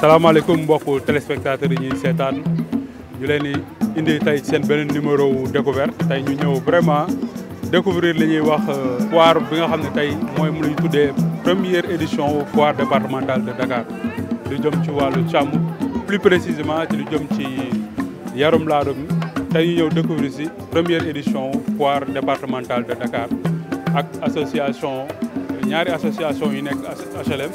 salaamaaleykum mbokk téléspectateurs yi ñuy seetaan ñu leen di indi tey seen beneen numéro wu découverte tey ñu ñëw vraiment découvrir li ñuy wax euh, foire bi nga xam ne tey mooy mu ñu tuddee première édition wu foire départementale de Dakar lu jëm ci wàllu càmm plus précisément ci lu jëm ci yarum laadum tey ñu ñëw découvrir si première édition wu foire départementale de Dakar ak association ñaari association yu nekk HLM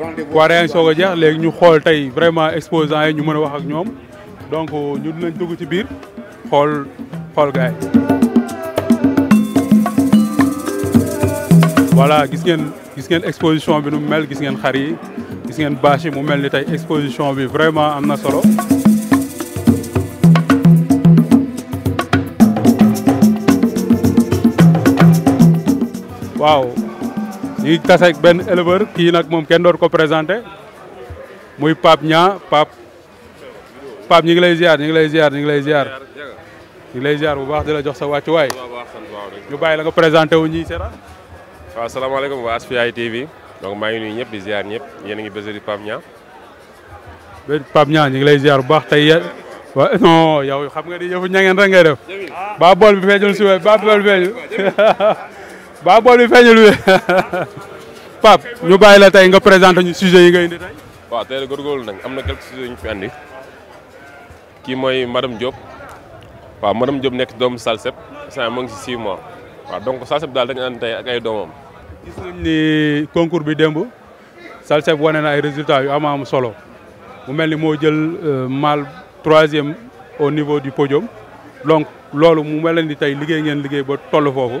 soog sooga jeex léegi ñu xool tey vraiment exposants yi ñu mën a wax ak ñoom donc ñu dinañ dugg ci biir xool xool gars yi gis ngeen gis ngeen exposition bi nu mel gis ngeen xar yi gis ngeen bâche mu mel ni tey exposition bi vraiment am na solo waaw ñu ngi tase ak benn éleveur kii nag moom kenn door ko présenté muy Pape Niang Pape Pape ñu ngi lay ziar ñu ngi lay ziar ñu ngi lay ziar ñu ngi lay ziar bu baax di la jox sa wàccuwaay ñu bàyyi la nga présenté wu ñuy seera waaw salaamaaleykum waa Asfiyahi TV donc maa ngi nuyu ñëpp di ziar ñëpp yéen a ngi bés di Pape Niang Pape Niang ñu ngi lay ziar bu baax tey wa non yow xam nga di yëfu ñangeen rek ngay def ba bool bi feeñul si ba bool bi feeñul ba bo bool bi feeñalu pap ñu bay la tay nga présenter ñu sujet yi nga indi tay wa tay le góorgóorlu nañ am na quelques sujet yu ñu fi andi ki moy madame Diop wa madame Diop nek dom Salsep sa mo ngi ci 6 mois wa donc Salsep daal dañu andi tey ak ay domam gis nañ ni concours bi dembu Salsep woné na ay résultats yu am am solo mu melni mo jël euh, mal 3e au niveau du podium donc lolu mu melni tay liggey ngeen liggey ba tollu fofu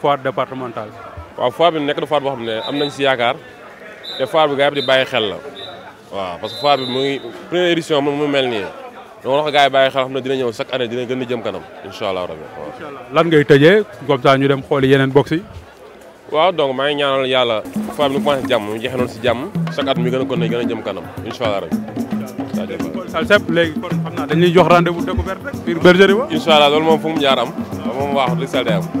foire départementale. waaw foire bi nekk na foire boo xam ne am nañ si yaakaar te foire bi gars yi di bàyyi xel la waaw parce que foire bi mu ngi première édition moom mu mel nii donc wax gars yi bàyyi xel xam ne dina ñëw chaque année dina gën a jëm kanam incha allah rabi waaw. lan ngay tëjee comme ñu dem xooli yeneen box yi. waaw donc maa ngi ñaanal yàlla foire bi ñu commencé jàmm ñu jeexee noonu si jàmm chaque at mi gën a kon ne gën a jëm kanam incha allah rabi. Salsep léegi kon xam naa dañuy jox rendez-vous découverte rek biir bergerie mu jaar am. moom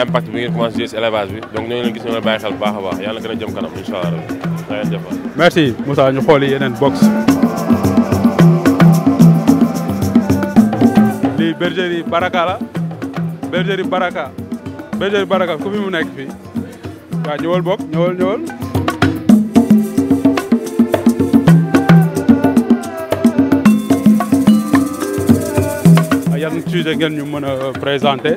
impact bi ngeen commencé jouer si élevage bi donc ñoo ngi leen gis ñoo bàyyi xel bu baax a baax yàlla gën a jëm kanam incha allah rabi def merci Moussa ñu xooli yeneen box. lii bergerie Baraka la bergerie Baraka ku fi mu nekk fii waaw ñëwal bokk ñëwal ñëwal. yan sujet ngeen ñu mën a présenté.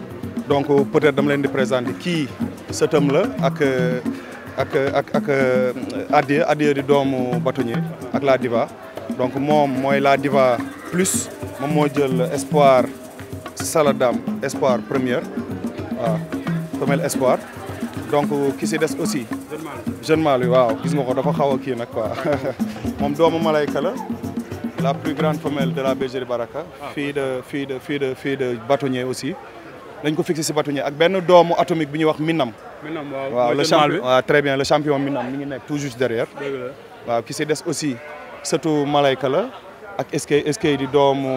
donc euh, peut-être dama leen di présenter kii sëtam la ak euh, Avec euh, ak ak Adieu Adieu di doomu bâtonnier ak la diva donc moi mooy la diva plus mon modèle jël espoir Saladam espoir première femelle espoir donc qui c'est des aussi jeune mâle bi waaw gis nga ko dafa xaw a kii nag quoi moom doomu malayka la la plus grande femelle de la bergerie Baraka ah. fille de fille de fille de fille de bâtonnier aussi dañ ko fixé si bâtonnier ak benn doomu atomique bi ñuy wax Minam. Minam waaw waaw le champion très bien le champion Minam mi ngi tout juste derrière. waaw ki si des aussi surtout Malayka la ak ce que, di doomu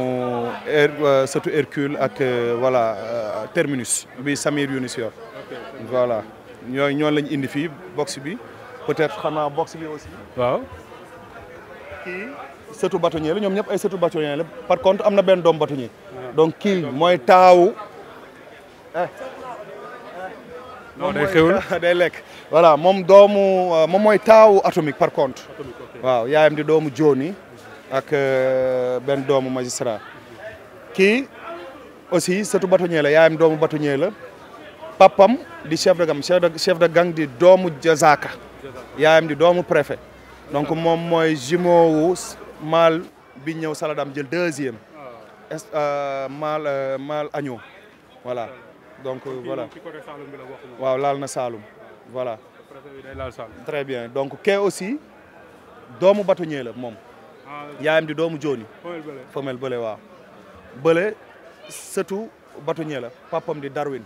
her euh, surtout Hercule ak euh, voilà euh, Terminus bi Samir Younis yor. voilà ñooñu ñooñu lañ indi fii box bi peut-être a box bi aussi. waaw. kii Surtout bâtonnier la ñoom ñëpp ay sëtu bâtonnier la par contre am na benn doom bâtonnier. Ah. donc kii mooy taawu. Eh. non lekk voilà moom doomu euh, moom mooy taawu atomique par contre. waaw yaayam di doomu Jooni ak euh, benn doomu magistrat kii aussi sëtu bâtonnier la yaayam doomu bâtonnier la papam di chef de gang de gang di doomu Jazaka yaayam di doomu préfet donc moom mooy jumeau wu mal bi ñëw Saladam jël deuxième ah. est euh, mal mal agneau donc euh, voilà waaw laal na salum, voilà très bien donc kee aussi doomu bâtonnier la moom ah, yaayam di doomu jooni femelle bële waaw bële sëtu bâtonnier la papam di Darwin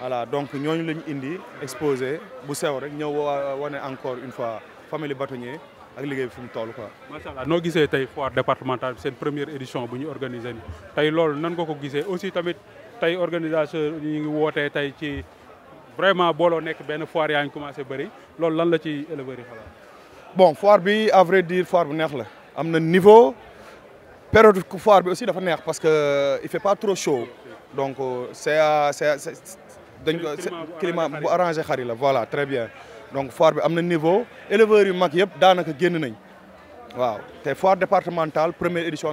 voilà donc ñooñu lañu indi exposé bu sew rek ñëw wane encore une fois famille bâtonnier ak liggéey bi fi mu toll quoi. macha allah noo gisee foire départementale seen première édition bu ñu organisé nii tey loolu nan nga ko gisee aussi tamit tay organisation ngi vraiment foire commencé lan bon à vrai dire foire bu neex la niveau période foire aussi parce que il fait pas trop chaud donc euh, c'est c'est climat arrangé voilà très bien donc foire bi amna niveau Élevé. yu mag foire départementale première édition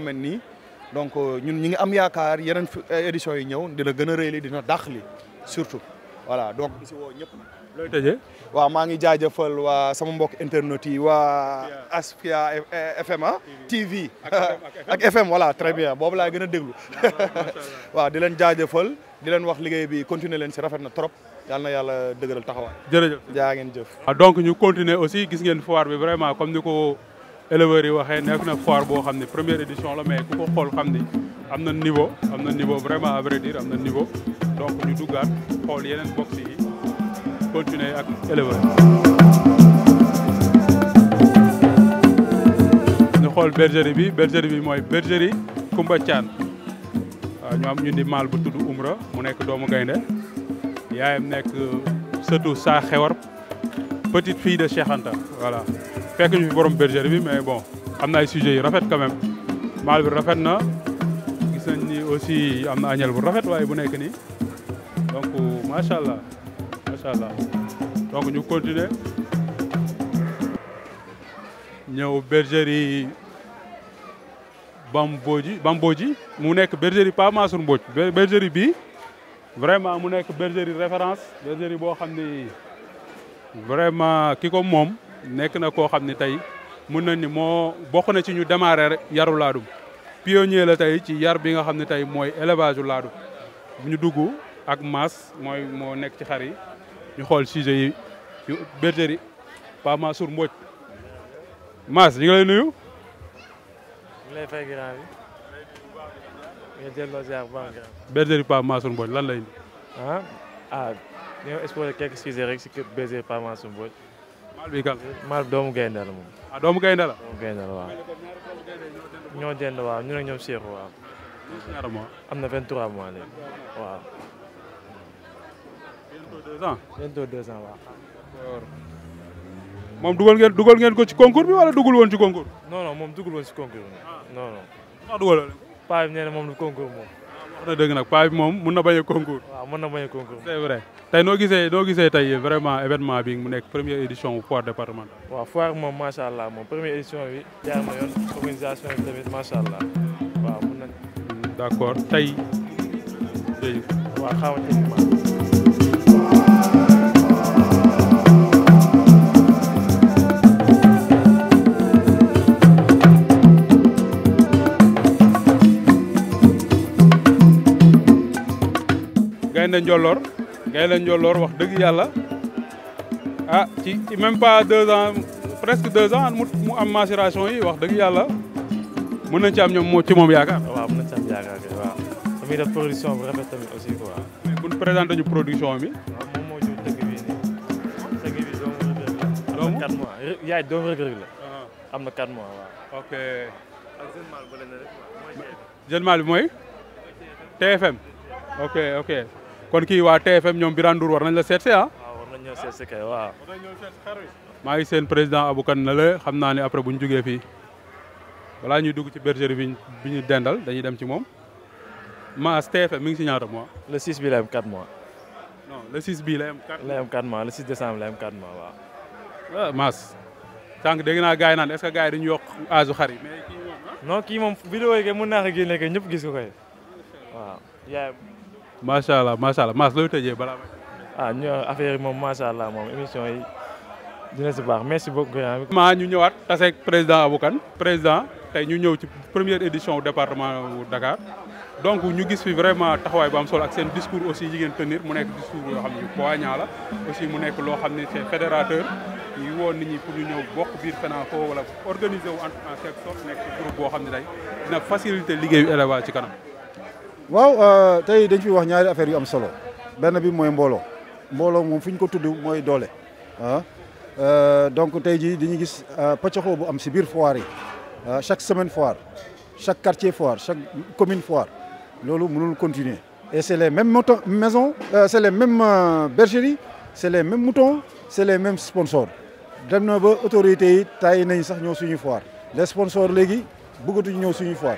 donc euh, ñun ñi ngi am yaakaar yeneen eh, éditions yi ñëw dina gën a rëy dina dàq li surtout voilà donc si woo ñëpp looy tëjee waaw maa ngi jaajëfal waa sama mbokk internet yi waa Asfia FM eh, ah, TV ak FM wala très bien boobu laay gën a déglu waa di leen jaajëfal di leen wax liggéey bi continuer leen si rafet na trop yàlla na yàlla dëgëral taxawaay jërëjëf jaa ngeen jëf ah, donc ñu continuer aussi gis ngeen foire bi vraiment comme ni ko éleveurs yi waxe nekk na foire boo xam ne première édition la mais ku ko xool xam ni am na niveau am na niveau vraiment à vrai am na niveau donc ñu duggaat xool yeneen box yi continuer ak éleveurs yi. xool bergerie bi bergerie bi mooy bergerie Koumba Thian waaw ñu am ñu di maal bu tudd Umra mu nekk doomu gaynde yaayam nekk euh, surtout saa xewar petite fille de Cheikh Anta voilà. fekk ñu borom bergerie bi mais bon am na ay sujet yu rafet quand même mal bi rafet na gis nañ ni aussi am na añel bu rafet waaye bu nekk ni donc macha allah macha allah donc ñu continuer ñëw bergerie Bambodji Bambodji mu nekk bergerie Pa Mansour Mbodj bergerie bi vraiment mu nekk bergerie référence bergerie boo xam ni vraiment ki ko moom. nekk na koo xam ni tey mun na ni moo bokk na ci ñu démarrer yaru laadum pionnier la tey ci yar bi nga xam ne tey mooy élevage u laadum ñu dugg ak maas mooy moo nekk ci xar yi ñu xool sujet yi bergerie Pa Mansour Mbodj maas ñu ngi lay nuyu lay fay grand bi nga delloo ziar bu baax lan lay indi ah, ah rek si bergerie Pa Mansour Mbodj maal bi kan maal doomu gaynde la moom. Ah, doomu gaynde la. doomu a la waaw. ñoo jënd waaw ñu ne ñoom Cheikh waaw. ñaar na 23 mois léegi waaw. bientôt deux ans. bientôt deux dugal ngeen ko ci concours bi dugul woon ci concours. non non moom dugul woon ci concours bi ah. non non. ndax dugaloo leen. concours moom. wax na dëgg nag paa moom mun na bañ a concours. waaw mun na bañ concours. c'est vrai noo gisee noo gisee tey vraiment événement bi mu nekk premier édition bu foire départementale. waaw foire moom macha allah moom première édition bi jaar na yoon organisation bi tamit macha allah waaw mun nañ. d'accord tey. gaynde njolloor gaynde njolloor wax deug yalla ah ci ci même pas 2 ans presque 2 ans mu mu am maturation yi wax deug yalla mën nañ ci am ñom mo ci mom yaaka waaw mën nañ ci am yaaka waaw. dafay def production bu rafet tamit aussi quoi. mais bu présenter ñu production bi. waaw mo ci deug bi ni deug bi do mo Reug la. am 4 mois yaay do rek rek la. Ah. am na 4 mois waaw. ok. ak jeune mâle bële na rek. jeune mâle bi TFM. ok ok. kon kii waa TFM ñoom Birane Ndour war nañ la seet si ah. war nañ ñëw seet si maa ngi seen président Abou Kane na la xam naa ne après bu ñu jugee fii balaa ñuy dugg ci bergerie bi bi ñu dendal dañuy dem ci moom Mass TFM mi ngi si ñaata mois. le 6 bi la am 4 mois. non le 6 bii la am 4 mois le 6 décembre la am 4 mois waaw. Mass sànq naa gars yi naan est ce que gars yi dañu yokk âge xar yi kii moom. Ah? non kii moom vidéo yi naa ko génne kay ñëpp gis ko kay Masha'Allah, Masha'Allah. Mas, allah ce que tu balaa ah ñu affaire yi masha'allah, mon allah émission yi dina sais pas. merci beaucoup. vraiment ñu ñëwaat le président Aboukan président sommes ñu ñëw ci première édition du département de Dakar donc ñu gis vraiment taxawaay bu am solo ak discours aussi qui est tenir mu discours yoo xam ne la aussi mu nekk loo xam c'est fédérateur ñu woon nit ñi pour ñu ñëw bokk biir FENACO organiser wu en quelque sorte nekk groupe boo xam day dina faciliter ci waaw euh, tey dañ fi wax ñaari affaire yu am solo benn bi mooy mbooloo mbooloo moom fi ñu ko tudd mooy doole ah euh, donc aujourd'hui, jii dañuy gis euh, pëccaxoo bu am si biir foire ah, chaque semaine foire chaque quartier foire chaque commune foire loolu mënul continuer et c'est les mêmes maisons c'est les mêmes bergeries c'est les mêmes moutons c'est les mêmes sponsors dem na ba autorités yi tàyyi nañ sax ñëw suñu foire les sponsors léegi bëggatuñu ñëw suñu foire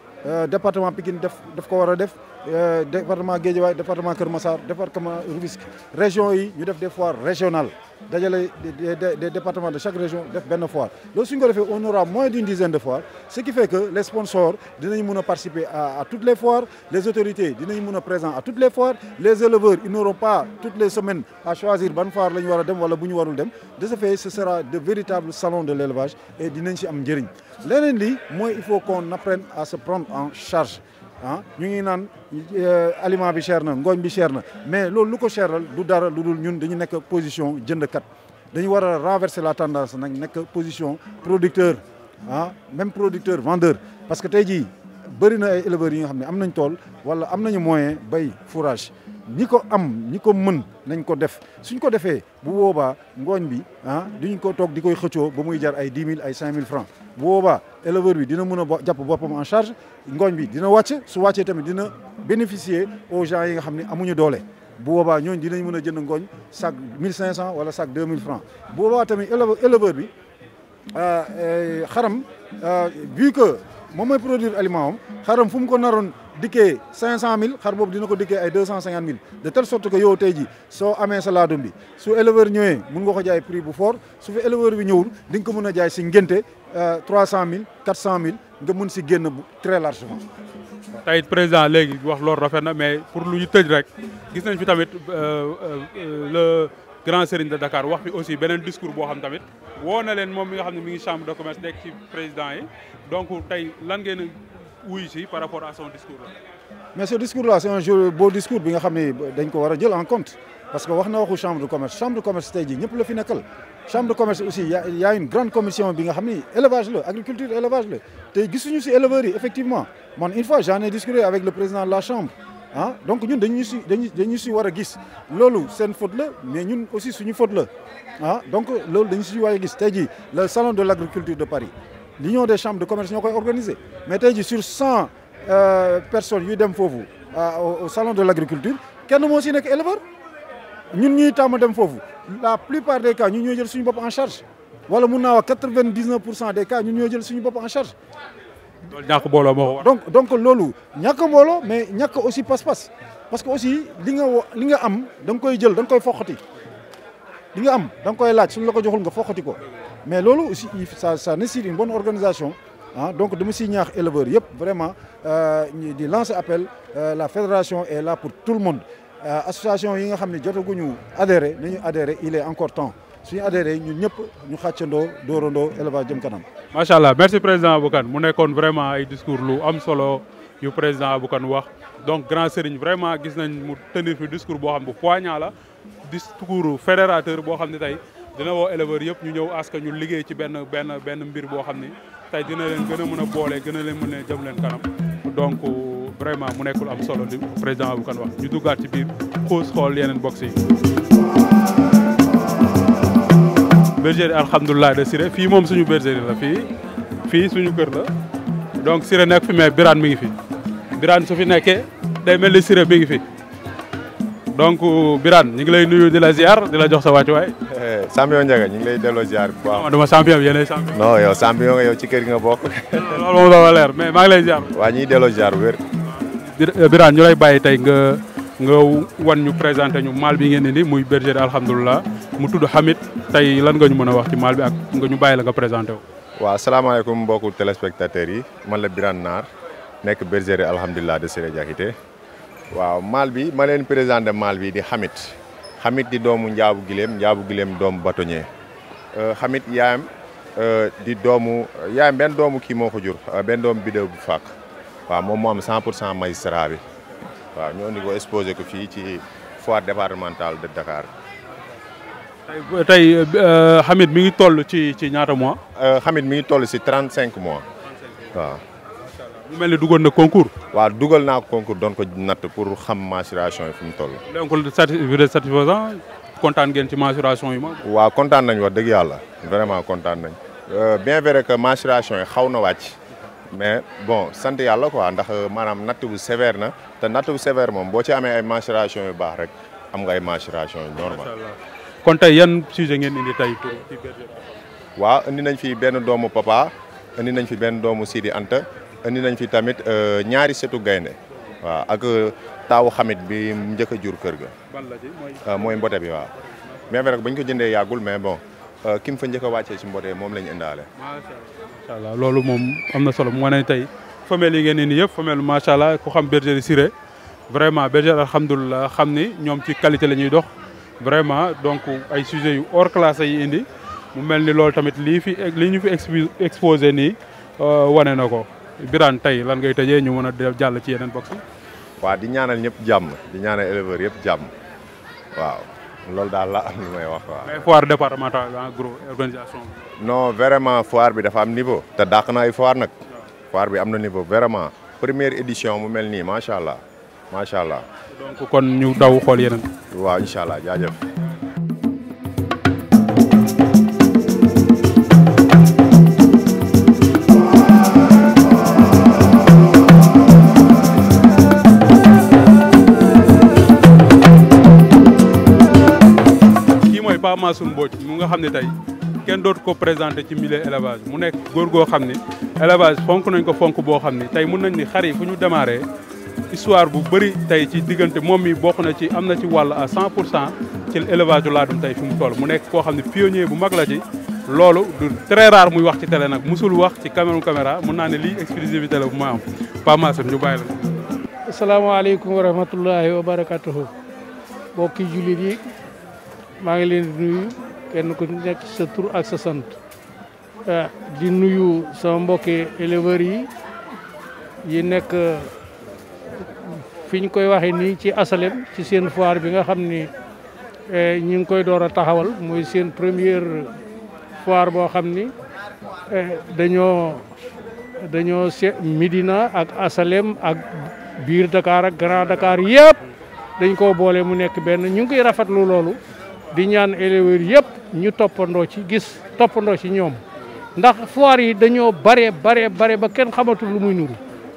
Euh, département Pikine def def ko wara def département Kermassar, département Kër Massar département Rufisque région yi ñu def des foires régionales dajale des départements de chaque région def une foire lo suñ ko on aura moins d'une dizaine de foires ce qui fait que les sponsors dinañ mëna participer à toutes les foires les autorités dinañ présentes présent à toutes les foires les éleveurs ils n'auront pas toutes les semaines à choisir ban foire lañ wara dem wala de ce fait ce sera de véritables salons de l'élevage et de ci am L'année li il faut qu'on apprenne à se prendre en charge Nous avons des aliments, aliment bi cher na mais ce qui est cher, du dara une ñun dañu position De dañu Nous renverser la tendance avons une position producteur ah, même producteur vendeur parce que tu as dit, na ay éleveurs yi nga qui ont am nañ de fourrage ñi ko am ñi ko mën nañ ko def suñ ko defee bu boobaa ngooñ bi ah duñ ko toog di koy xëccoo ba muy jar ay dix mille ay cinq mille francs bu boobaa éleveur bi dina mën a jàpp boppam en charge ngooñ bi dina wàcc su wàccee tamit dina bénéficier aux gens yi nga xam ne amuñu doole. bu boobaa ñooñu dinañ mën a jënd ngooñ sac mille cinq cent wala sac deux mille francs bu boobaa tamit éleveur bi euh, euh, xaram euh, vu que moom mooy produire aliment am xaram fu mu ko naroon. diké cinq cent mille xar bobu dina ko diké ay deux cent mille de telle sorte que yow tey ji soo amee sa laadum bi su éleveur ñëwé mun nga ko jaay prix bu fort su fi éleveur bi ñëwul ding ko mëna jaay si ngénte euh, trois cent mille quatre cent mille nga mën ci génn bu très largement. tay président légui wax lool rafet na mais pour lu ñu tëj rek gis nañ fi tamit euh, euh, le grand serigne de Dakar wax fi aussi benen discours bo xam tamit woo na leen moom mi nga xamni mi ngi chambre de commerce nek ci président yi donc tay lan ngeen oui si par rapport à son discours là. mais ce discours là c'est un jeu beau discours bi nga xam ne dañ ko en compte parce que wax waxu chambre de commerce chambre de commerce tey jii ñëpp la fi nekkal chambre de commerce aussi il y' a une grande commission bi nga élevage agriculture élevage Et nous gisuñu si éleveurs effectivement man une fois j'en ai discuté avec le président de la chambre ah donc ñun nous si dañu dañu si war gis c'est une faute la mais nous aussi une faute la ah donc nous dañu si war a gis le salon de l'agriculture de Paris l'union des chambres de commerce nous organisé. Mais sur 100 euh, personnes qui sont venues au salon de l'agriculture, qui est le éleveur Nous sommes venus à La plupart des cas, nous sommes venus en charge. Ou 99% des cas, nous sommes venus en charge. Donc, donc, lolo, il y a mais il y a aussi passe-passe. Parce que aussi, ce que vous avez, vous l'avez fait. Ce que vous avez, vous l'avez fait mais lolo, aussi ça ça nécessite une bonne organisation Hein, donc de siy ñaax éleveurs yëpp vraiment euh, di lancer appel euh, la fédération est là pour tout le monde euh, association yi nga xam adhérer, jotaguñu adhérer. il est encore temps suñu adhérer, ñun ñëpp ñu xàccandoo dóorandoo élevage jëm kanam. macha merci président Aboukan. mu nekkoon vraiment ay discours lu am solo yu président Aboukan. wax donc grand Serigne vraiment gis nañ mu tenir fi discours boo xam bu poignant la discours fédérateur boo xam dina woo éleveurs yëpp ñu ñëw aska ñu liggéey ci benn benn benn mbir boo xam ni tey dina leen gën a mën a boole gën a leen mën a jëm leen kanam donc vraiment mu nekkul am solo li président Aboukane wax ñu duggaat ci biir xuus xool yeneen box yi. bergerie alhamdulilah de Siré fii moom suñu bergerie la fii fii suñu kër la donc Siré nekk fi mais Birane mi ngi fi Birane su fi nekkee day mel ni Siré mi ngi fi donc Birane ñu ngi lay nuyu di la ziar di la jox sa wàccuwaay. sambion jaga ñu ngai lay delloo ziar bu baax. Iya, non dama champion No, yéen ay champion. non yow champion nga yow ci kër gi nga bokk. ngai moom dafa leer mais maa ngi lay ziar. waa ñu ngi ziar bu wér. ñu eh, lay nga nga wan ñu présenté ñu mal bi ngeen indi muy berger alhamdulilah mu tudd Hamid tey lan nga ñu mën a wax ci maal bi ak nga ñu bàyyi la nga présenté wu. waaw salaamaaleykum mbokku téléspectateurs yi man la Birane Naar nekk berger alhamdulilah de sere Diakité waaw mal bi ma leen présenté mal bi di Hamid. Hamid di doomu Njaabu Gileem Njaabu Gileem doomu bâtonnier euh, Hamid yaayam euh, di doomu yaayam benn doomu kii moo ko euh, benn doomu bidéw bu fàkk waaw moom moo am 100 pour cent magistrat bi waaw ñoo indi ko exposé ko fii ci foire départementale de Dakar. tey tey Hamid mi ngi toll ci ci ñaata mois. Hamid mi ngi toll si 35 mois waaw. mu mel ni dugoon na concours. waaw dugal naa concours doon ko natt pour xam mensuration yi fu toll. donc sati vous êtes satisfaisant kontaan ngeen ci mensuration yi ma. Wa kontaan nañ wax dëgg yàlla vraiment kontaan nañ euh, bien vrai que mensuration yi xaw na mais bon sant yàlla quoi ndax manam natt bu sévère na te natt bu sévère moom boo ci amee ay mensuration yu baax rek am nga ay mensuration yu normal. kon tey yan sujet ngeen indi tey pour ci waaw indi nañ fi benn doomu papa indi nañ fi benn doomu Sidi Anta. indi nañ fi tamit euh, ñaari setu gaynde waaw ak euh, taawu xamit bi njëkk jur kër ga. Euh, mooy mbote bi waaw. bien vrai que bañ ko jëndee yàggul mais bon kim fa njëkk a wàccee si mbote moom lañ indaale. macha allah loolu moom am na solo mu wane tey femelle yi indi yëpp femelle macha allah ku xam bergerie Siré vraiment bergerie alhamdulilah xam ni ñoom ci qualité la ñuy dox. vraiment donc ay sujets yu hors classe yi indi mu mel ni loolu tamit lii fi li ñu fi exposé nii wane na ko. Birane tey lan ngay tëjee ñu mën a jàll ci yeneen box yi. waaw di ñaanal ñëpp jàmm di ñaanal éleveurs yëpp jàmm waaw loolu daal la am nu may wax waaw. mais foire départementale en gros organisation non vraiment foire bi dafa am niveau. te dàq na ay foire nag. foire bi am na niveau vraiment. première édition mu mel nii macha allah macha allah. donc kon ñu daw xool yeneen. waaw incha allah jaajëf. Pa Massoum Mbodj mu nga xam ne tey kenn dootu ko présenté ci milieu élevage mu nekk góor goo xam ne élevage fonk nañ ko fonk boo xam ne tey mun nañ ni xar yi fu ñu démarré histoire bu bëri tey ci diggante moom mi bokk na ci am na ci wàll à 100 pour cent ci élevage u Ladoum tey fi mu toll mu nekk koo xam ne pionnier bu mag la ci loolu du très muy wax ci télé nag musul wax ci caméra caméra mun naa ne lii exclusivité la bu ma am Pa Massoum ñu bàyyi la maa ngi leen di nuyu kenn ku nekk sa tur ak sa sant ah, di nuyu sama mbokki éleveur yi yi nekk fiñ koy waxe ni ci asalem ci seen foire bi nga xam ni eh, ñu ngi koy door a taxawal muy seen première foire boo xam ni eh, dañoo dañoo medina ak asalem ak biir Dakar ak Grand Dakar yépp dañ koo boole mu nekk benn ñu ngi koy rafetlu loolu. di ñaan éleveurs yëpp ñu toppandoo ci gis toppandoo ci ñoom ndax foire yi dañoo bare bare bare ba kenn xamatul lu muy nuru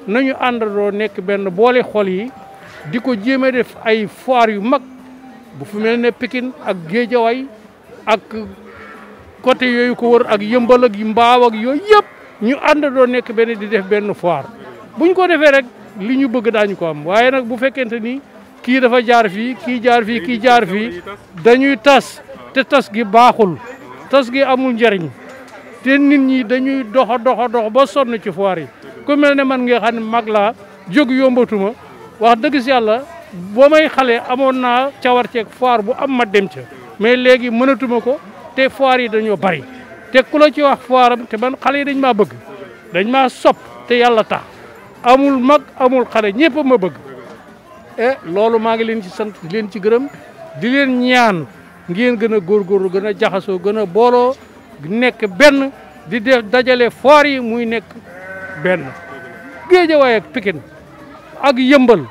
nañu àndandoo nekk benn boole xol yi di ko jéem def ay foire yu mag bu fu mel ne pikin ak Géejawaay ak côté yooyu ko wër ak yëmbal ak mbaaw ak yooyu yëpp ñu àndandoo nekk benn di def benn foire bu ñu ko defee rek li ñu bëgg daañu ko am waaye nag bu fekkente ni. kii dafa jaar fii kii jaar fi kii jaar fi dañuy tas te tas gi baaxul tas gi amul njariñ te nit ñi dañuy doxa doxa dox ba sonn ci foire yi ku mel ne man nga xam ne mag laa jóg yombatuma wax dëgg si yàlla ba may xale amoon naa cawar ceeg foire bu am ma dem ca mais léegi mënatuma ko te foire yi dañoo bari te ku la ci wax foire am te man xale yi dañ maa bëgg dañ maa sopp te yàlla tax amul mag amul xale ñëpp ma bëgg e loolu maa ngi leen ci sant di ci gërëm di leen ñaan ngeen gën a góorgóorlu gën a jaxasoo gën a booloo nekk benn di def dajale foor yi muy nekk benn waaye ak Pikine ak yëmbël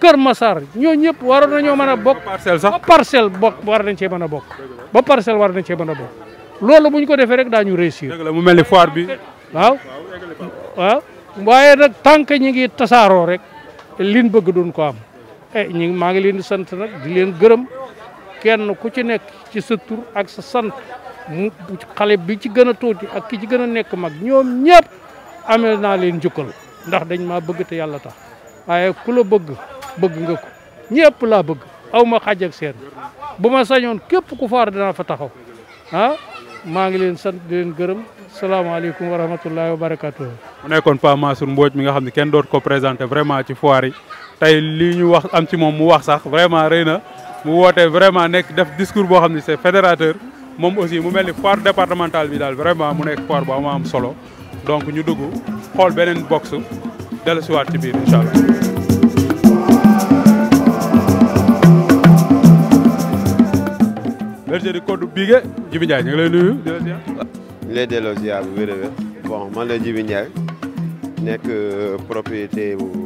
Kër masaar ñoo ñëpp waroon nañoo mën a bokk ba parcelle bokk war nañ cee mën a bokk ba parcelle war nañ cee mën a bokk loolu bu ko defee rek daañu réussir dëgg la mu mel ni foire bi waaw waaw waaye nag tant que ñi ngi tasaaroo rek liñ bëgg doon ko am eh ñu maa ngi leen di sant na di leen gërëm kenn ku ci nekk ci sa tur ak sa sant xale bi ci gën a tuuti ak ki ci gën a nekk mag ñoom ñëpp amel naa leen njukkal ndax dañ maa bëgg te yàlla tax waaye ku bëgg bëgg nga ko ñëpp laa bëgg aw ma xaj ak seen bu ma sañoon képp ku faar dinaa fa taxaw ah maa ngi leen sant di leen gërëm salaamaaleykum wa rahmatullahi wa barakatuh mu nekkoon Pa Mansour Mbodj mi nga xam ne kenn doot ko présenté vraiment ci foire yi tay lii ñu wax am ci mom mu wax sax vraiment reyna mu woté vraiment nek def discours bo xamni c'est fédérateur mom aussi mu melni ni foire départementale bi dal vraiment mu nek foire bu am am solo donc ñu dugg xol benen box dellusiwaat ci biir incha allah. bergerie Kodou Bigué Djibi Ndiaye ñu ngi lay nuyu di la ñu lay delloo ziar bu wér a bon man la Djibi ñay nek euh, propriété bu.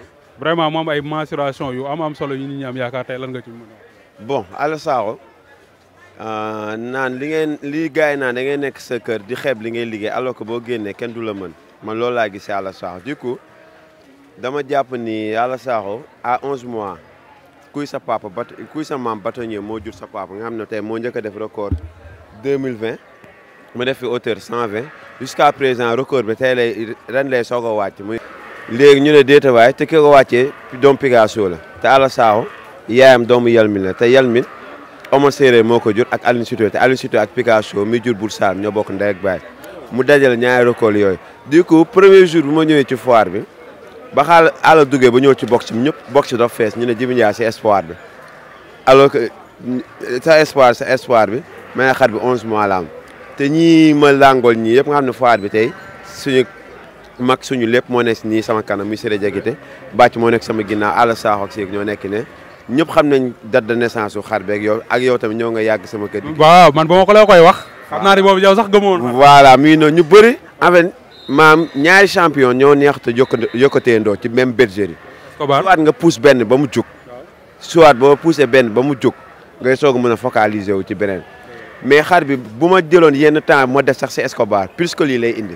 vraiment moom ay mensuration yu am am solo yu ñu ñi am yaakaar tey lan nga ci mën bon Alla Sakho euh, naan li ngeen li gars yi naan da ngay nekk sa kër di xeeb li ngay liggéey alors boo génnee kenn du la mën man loolu laa gisee Alla Sakho du dama jàpp ni Alla Sakho à 11 mois kuy sa papa bat kuy sa maam bâtonnier moo jur sa papa nga xam ne tey moo njëkk a def mille 2020 ma def fi hauteur 120 jusqu'à présent record bi tey lay ren lay soog a wàcc muy léegi ñu ne déetawaay te ki ko wàccee doom Picasso la te Alla yaayam doomu Yelmin la te Yelmin Omar Séré moo ko jur ak Aline Sitoé te Aline ak Picasso mi jur Bour Saloum ñoo bokk ndey ak baay mu dajale ñaari récolte yooyu di ko premier jour bi ma ñëwee ci foire bi ba xaal Alla dugee ba ñëw ci box bi ñëpp box bi dafa fees ñu ne Djibi Ndiaye si espoir bi alors que sa espoir sa espoir bi may xar bi 11 mois la te ñii ma làngool ñii yëpp nga xam ne foire bi tey suñu mag suñu lépp moo nekk nii sama kanam muy Siré Diakité bàcc moo ñoo nekk ne ñëpp xam nañ date de naissance su xar beeg yow ak yow tamit ñëw nga yàgg sama kër gi. man ba ma ko la koy wax. xam naa ne sax gëmoon. voilà muy noonu ñu bëri en maam ñaari champion ñoo neex te yokkateendoo ci même bergerie. suwaat nga pousse benn ba mu jug. suwaat boo poussé benn ba mu jug ngay soog a mën a focaliser wu ci beneen mais xar bi bu ma jëloon yenn temps ma def sax si Escobar plus que lii lay indi.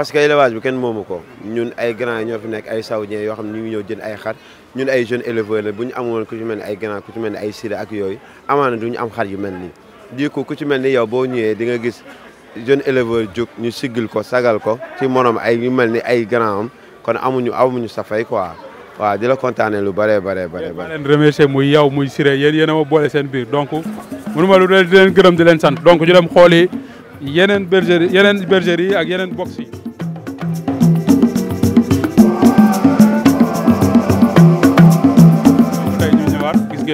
parce que élevage bi kenn moomu ko ñun ay grand yi ñoo fi nekk ay saoudien yoo xam ne ñu ngi ñëw jënd ay xar ñun ay jeunes éleveurs la bu ñu amoon ku ci mel ni ay grand ku ci mel ak yooyu amaana du ñu am xar yu mel ni di ko ku ci mel ni yow boo ñëwee di nga gis jeune éleveur jóg ñu siggil ko sagal ko ci monoom ay yu mel ni ay grand am kon amuñu amuñu safay quoi waaw di la kontaanee lu bëree bëree bare ma leen remercier muy yow muy Siré yéen yéen a boole seen biir donc mënuma lu di leen di leen sant donc ñu dem xooli yeneen bergerie yeneen bergerie yi ak yeneen box yi.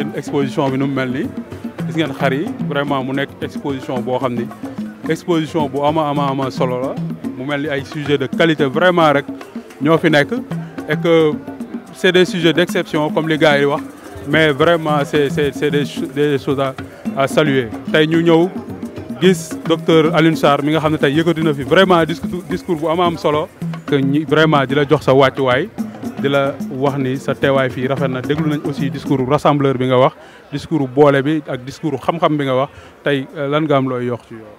une exposition bi nu mu mel nii gis ngeen vraiment mu exposition boo xam exposition bu ama ama ama solo la mu melni ay sujets de qualité vraiment rek ñoo fi nek et que c'est des sujets d'exception comme les gars yi wax mais vraiment c'est c'est c'est des des choses à à saluer tay ñu ñëw gis docteur Alioune Sarr mi nga xam tay tey na fi vraiment discours bu ama am solo que ñi vraiment di la jox sa way di la wax ni sa teewaay fii rafet na déglu nañ aussi discours rassembleur bi nga wax discours boole bi ak discours xam-xam bi nga wax tey euh, lan nga am looy yokk ci yow.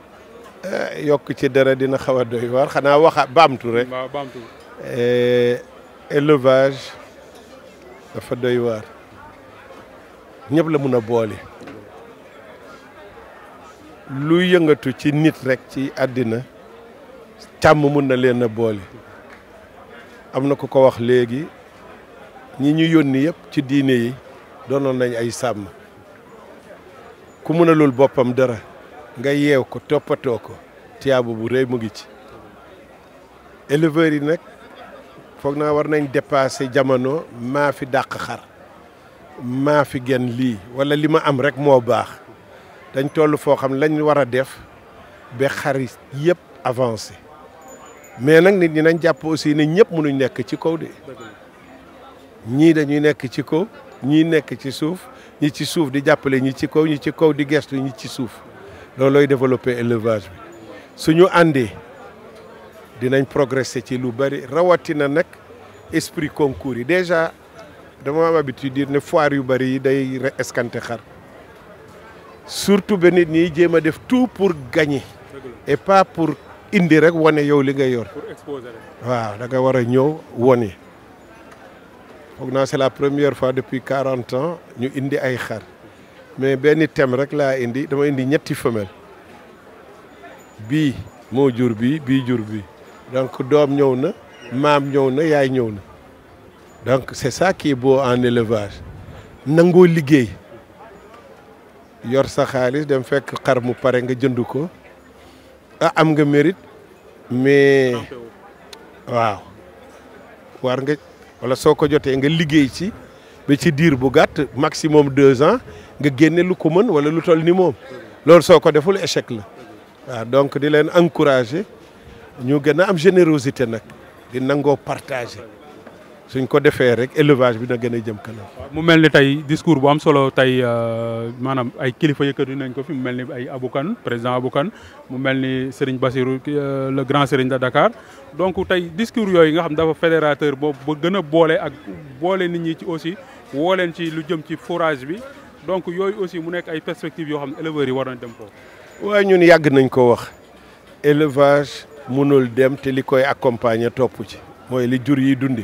Eh, yokk ci dara dina xaw a doy waar xanaa wax baamtu rek. waaw baamtu. Eh, élevage dafa doy ñëpp la mun a boole. lu yëngatu ci nit rek ci àddina càmm mun na leen a boole. am na ko ko wax léegi ñi ñu yónni yëpp ci diine yi doonoon nañ ay sàmm ku mënalul boppam dara nga yeew ko toppatoo ko tiyaaba bu rëy mu ngi ci éleveurs yi nag foog naa war nañ dépasser jamono maa fi dàq xar maa fi gën lii walla li ma am rekk moo baax dañ toll foo xam lañ war a def ba xar yëpp avancé mais nak nit ñi nañ japp aussi ne ñëpp mënuñ nekk ci kaw de Ñi dañuy nekk ci kaw ñi nekk ci souf, ñi ci souf di jappalé ñi ci kaw ñi ci kaw di gestu ñi ci souf. Loloy développer élevage bi suñu andé dinañ progresser ci lu bari esprit concours déjà dama dire ne foire yu bari day xar surtout ben, nit ñi jema tout pour gagner et pas pour indi rek woné yow li ngay yor. pour exposer waaw da c'est la première fois depuis quarante ans ñu indi ay xar mais benn thème rek la indi dama indi ñetti femelle bi mo jur Bi, bi jur bi donc dom ñewna mam ñewna ñëw na yaay donc c'est ça qui est beau en élevage nango liggéey yor sa xaalis dem fekk xar mu paré nga jënduko ah, am nga mérite mais waaw war nga wala soko joté nga liggéey ci ci maximum deux ans nga ko mën wala lu toll ni un échec donc di len encourager ñu gëna générosité nak di partager suñ ko defee rek élevage bi da gëna jëm kanam. mu melni tay discours bu am solo tay euh, manam ay kilifa yëkkati nañ ko fi mu melni ay Aboukan président Aboukan mu melni Serigne Bassirou euh, le grand Serigne de Dakar donc tay discours yoy nga xam dafa fédérateur boobu ba gëna bolé ak bolé nit ñi ci aussi wo len ci lu jëm ci forage bi donc yoy aussi mu nekk ay perspectives yo xam éleveur yi war nañ dem ko way ñun yag nañ ko wax élevage mënul dem té likoy accompagner top ci moy li jur yi dundi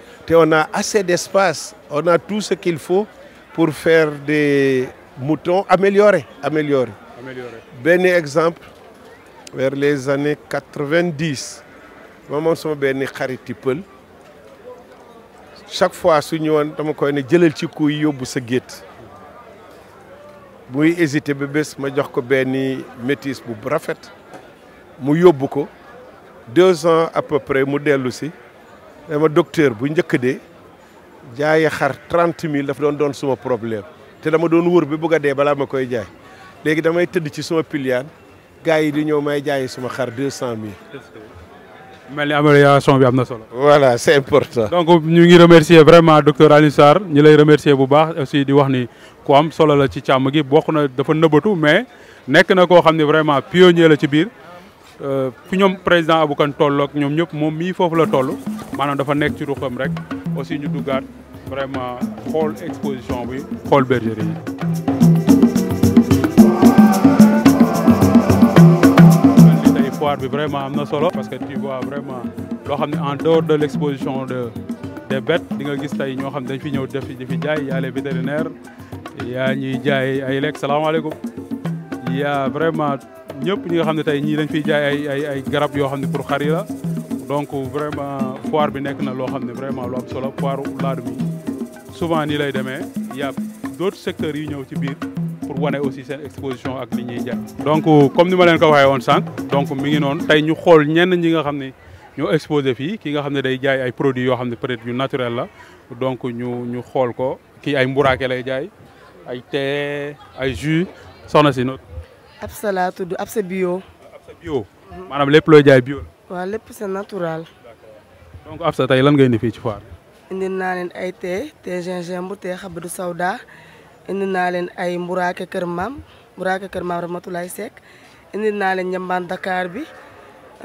on a assez d'espace, on a tout ce qu'il faut pour faire des moutons améliorés. améliorés. exemple, vers les années 90, maman son ben charitable. Chaque fois, si nous avons un qui hésité ma métis deux ans à peu près modèle aussi. dama eh, docteur bu njëkk de yi xar trente mille daf doon doon suma problème te dama doon wër bi bëgg a dee balaa ma koy jaay léegi damay tëdd ci suma piliaan gars yi di ñëw may jaayi suma xar deux cent mille. mel ni amélioration bi am na solo. voilà c'est important. donc ñu ngi remercier vraiment docteur Alioune Sarr ñi lay remercier bu baax aussi di wax ni ku am solo la ci càmm gi bokk na dafa nëbbatu mais nekk na koo xam ne vraiment pionnier la ci biir. Euh, fi ñoom président Aboukan tollok ñom ñëpp mom mi fofu la tollu manam dafa nekk ci ruxam rek aussi ñu duggaat vraiment xool exposition bi xool bergerie yi. foire bi vraiment amna solo parce que tu vois vraiment lo xamni en dehors de l'exposition de des bêtes di nga gis tay ñoo xamni dañ fi ñëw def di fi jaay y a les vétérinaires yaa ñuy jaay ay salam salaamaaleykum ya vraiment ñëpp ñi nga xam ne tey dañ fiy jaay ay ay pour donc vraiment foire na vraiment solo souvent il lay y a d'autres secteurs ñëw ci biir pour wane aussi cette exposition donc comme ni ma leen ko waxee woon sànq donc mi ngi ñu ñi produits naturels xam peut-être yu naturel donc ñu ñu des jus Absa laa tudd Absa bio. maanaam lépp looy jaay bio la. lépp c'est naturel. donc Absa tey lan ngay indi fii ci foire. indi naa leen ay thé thé gingembre thé xabadu sawda indi naa leen ay mburaake kër maam mburaake kër maam Ramatulaay Seck indi naa leen njambaan Dakar bi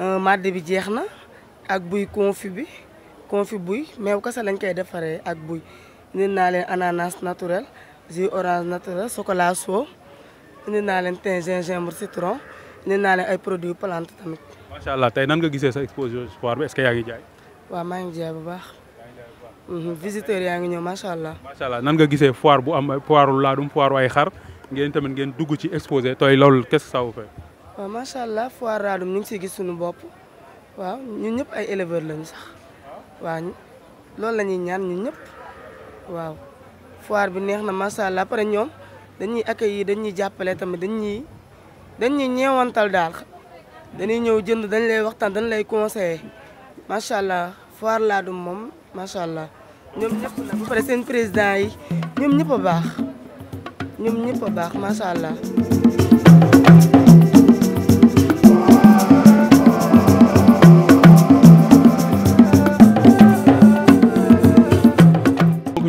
euh, màdde bi jeex na ak buy confit bi confit buy meew kasa lañ koy defaree ak buy indi naa leen ananas naturel jus orange naturel chocolat chaud. indi naa leen thym gingembre citron indi naa leen ay produits plante tamit. macha allah tey nan nga gisee sa expositoire bi est-ce yaa ngi jaay. waa maa ngi jaay bu baax. Mhm, visiteurs yaa ngi ñëw macha allah. macha allah nan nga gisee foire bu am foire laadum foire ay xar ngeen tamit ngeen dugg ci exposé tey loolu qu'est-ce que ça macha allah foire laadum ñu ngi siy gis sunu bopp waaw ñun ñëpp ay éleveurs lañu sax ah. waaw loolu la ñaan ñun ñëpp waaw foire bi neex na macha allah après dañuy accueillir dañuy jàppale tamit dañuy dañuy ñeewantal daal dañuy ñëw jënd dañ lay waxtaan dañ lay conseiller macha allah foire Ladoum moom macha allah ñoom ñëpp la ba pare seen président yi ñoom ñëpp baax ñoom ñëpp baax macha allah.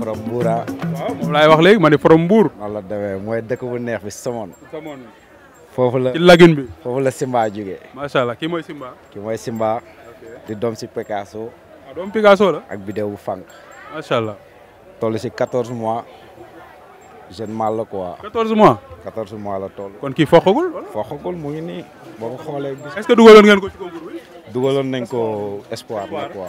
borom Mbour ah. waaw moom laay wax léegi ma ne borom Mbour. noonu la demee bu neex bi la ci bi. la Simba juga. macha ki kii Simba. ki mooy Simba. di dom si Picasso. ah doom Picasso la. ak bidéo bu fànk. si 14 mois. jeune mâle la quoi. 14 mois. 14 mois la toll. kon kii foqagul. foqagul mu ngi nii boo ko xoolee. est-ce que dugaloon ngeen ko ci concours bi. dugaloon nañ ko espoir la quoi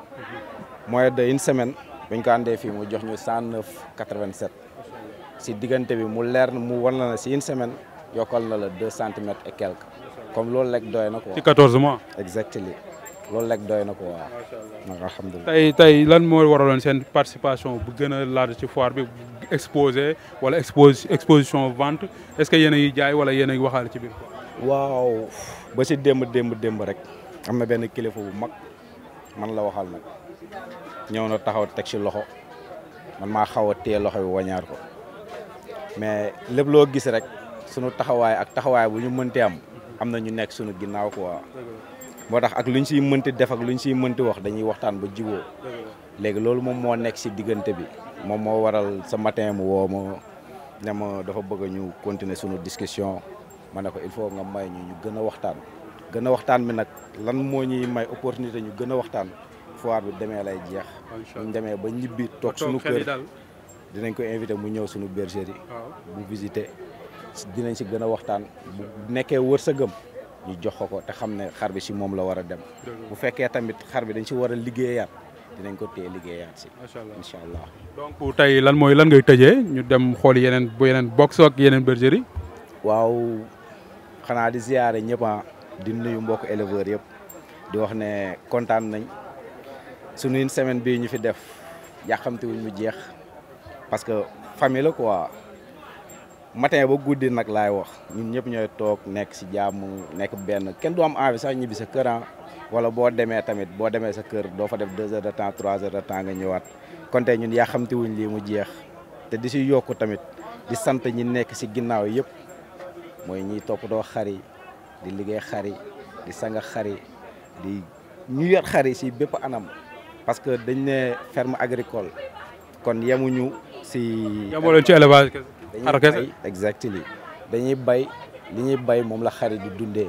moyen de une semaine buñ ko àndee fii mu jox ñu cent neuf quatre-vingt-sept si diggante bi mu leer mu war na la si une semaine yokkal na la deux centimètres et quelques comme loolu rek doy na ko. ci quatorze mois. exactement loolu rek doy na ko waaw. alhamdulilah tey tey lan moo waraloon seen participation bu gën a large ci foir bi exposé wala expos exposition vente est-ce que yéen a jaay wala yéen a ngi ci bi waaw ba si démb démb démb rek am na benn kilifa bu mag. man la waxal nak ñew na taxaw tek ci loxo man ma xawa a loxo bi wañar ko mais lepp lo gis rek suñu taxaway ak taxaway bu ñu mënte am amna ñu nekk suñu ginnaw ko moo tax ak luñ ci mënte def ak luñ ci mënte wax dañuy waxtaan ba jiboo légui lolu mom mo nekk si digënté bi mom mo waral sa matin mu woo ma ne ma dafa bëgg ñu continuer suñu discussion manako ko il faut nga may ñu ñu gën waxtaan gën a waxtaan bi nag lan moo ñuy may opportunité ñu gën a waxtaan foire bi demee lay jeex. ñu demee ba ñibbi toog suñu kër dinañ ko invité mu ñëw suñu bergerie bu visité dinañ si gën a waxtaan bu nekkee wërsëgam ñu jox ko ko te xam ne xar bi si moom la war a dem. bu fekkee tamit xar bi dañ si war a liggéeyaat dinañ ko téye liggéeyaat si. incha allah donc tey lan mooy lan ngay tëjee ñu dem xool yeneen bu yeneen box ak yeneen bergerie waaw xanaa di ziare ñëpp ah. di nuyu mbokk éleveurs yëpp di wax ne kontaan nañ suñu semaine bii ñu fi def yàqamti wuñ mu jeex parce que famille la quoi matin ba guddi nag laay wax ñun ñëpp ñooy toog nekk si jàmm nekk benn kenn du am envie sax ñibbi sa këran ah. wala boo demee tamit boo demee sa kër doo fa def deux heures de temps trois heures de temps nga ñëwaat kon tey ñun yàqamti wuñ lii mu jeex te di si yokku tamit di sant ñi nekk si ginnaaw yëpp mooy ñiy toppatoo xar yi di liggéey xari di sanga xari di ñu yott xari ci bëpp anam parce que dañ né ferme agricole kon yamuñu si. yemoo ci élevage dañuy exactement dañuy bay li bay moom la xari di dundé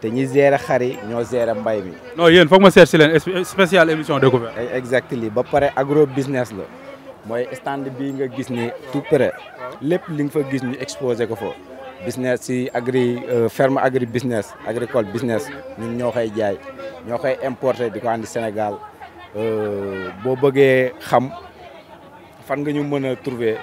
té ñi gérer xari ñoo gérer mbay mi. non yeen foog ma seet si leen spécial émission découverte. Eh, exactly ba paré agro business la moy stand bi nga gis ni tout près lépp li nga fa gis ñu exposé ko fo business si agri euh, ferme agri business agricole business ñun ñoo koy jaay ñoo koy importer di ko andi Sénégal euh, boo bëggee xam fan nga ñu mën a trouver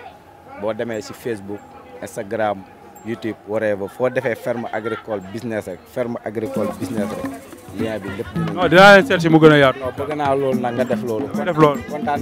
boo demee si Facebook Instagram YouTube whatever foo defee ferme agricole business rek ferme agricole business rek lien bi lépp. non dinaa leen seet si mu gën a yaatu. non bëgg nag nga def loolu. nga def loolu kontaan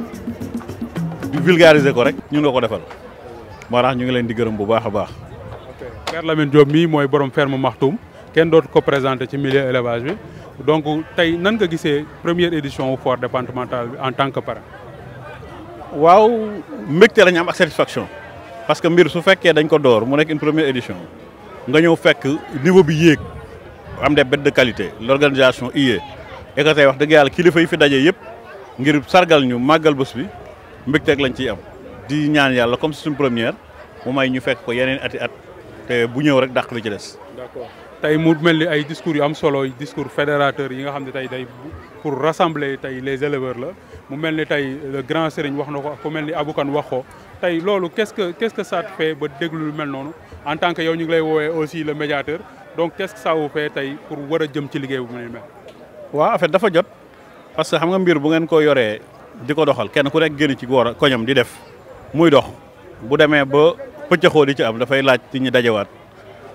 vulgariser ko rek ñu nga ko defal moo ñu ngi leen di gëreum bu baaxa baax. Père Lamine Diop mi moy borom ferme Maxtoum ken dootu ko présenter ci milieu élevage bi donc tay nan nga gissé première édition foire départementale bi en tant que parent. waaw mbégte lañ am ak satisfaction parce que mbir su féké dañ ko door mu nek une première édition nga ñëw fekk niveau bi yéeg am des bêtes de qualité l'organisation IE et que tay wax dëgg yàlla kilifa yi fi dajé yépp ngir sargal ñu màggal bés bi mbégteeg lañ ci am di ñaan yalla comme c'est une première mu may ñu fekk ko yeneen ati at té bu ñëw rek dakk lu ci des. d'accord tay mu melni ay discours yu am solo discours fédérateur yi nga xam tay day pour rassembler tay les éleveurs la mu melni tay le grand Serigne wax na ko melni Aboukan wax ko tey qu'est-ce que qu'est-ce que ça te fait ba déglu lu mel nonu en tant que yow ñu ngi lay wowe aussi le médiateur donc qu'est-ce que ça vous fait tay pour wara jëm ci liggéey bu mel ni Wa, en fait dafa jot parce que xam nga mbir bu ngeen ko yoree di ko doxal kenn ku nekk génn ci góor a koñam di def muy dox bu demee ba pëccëxoo di ci am dafay laaj ci ñi dajawaat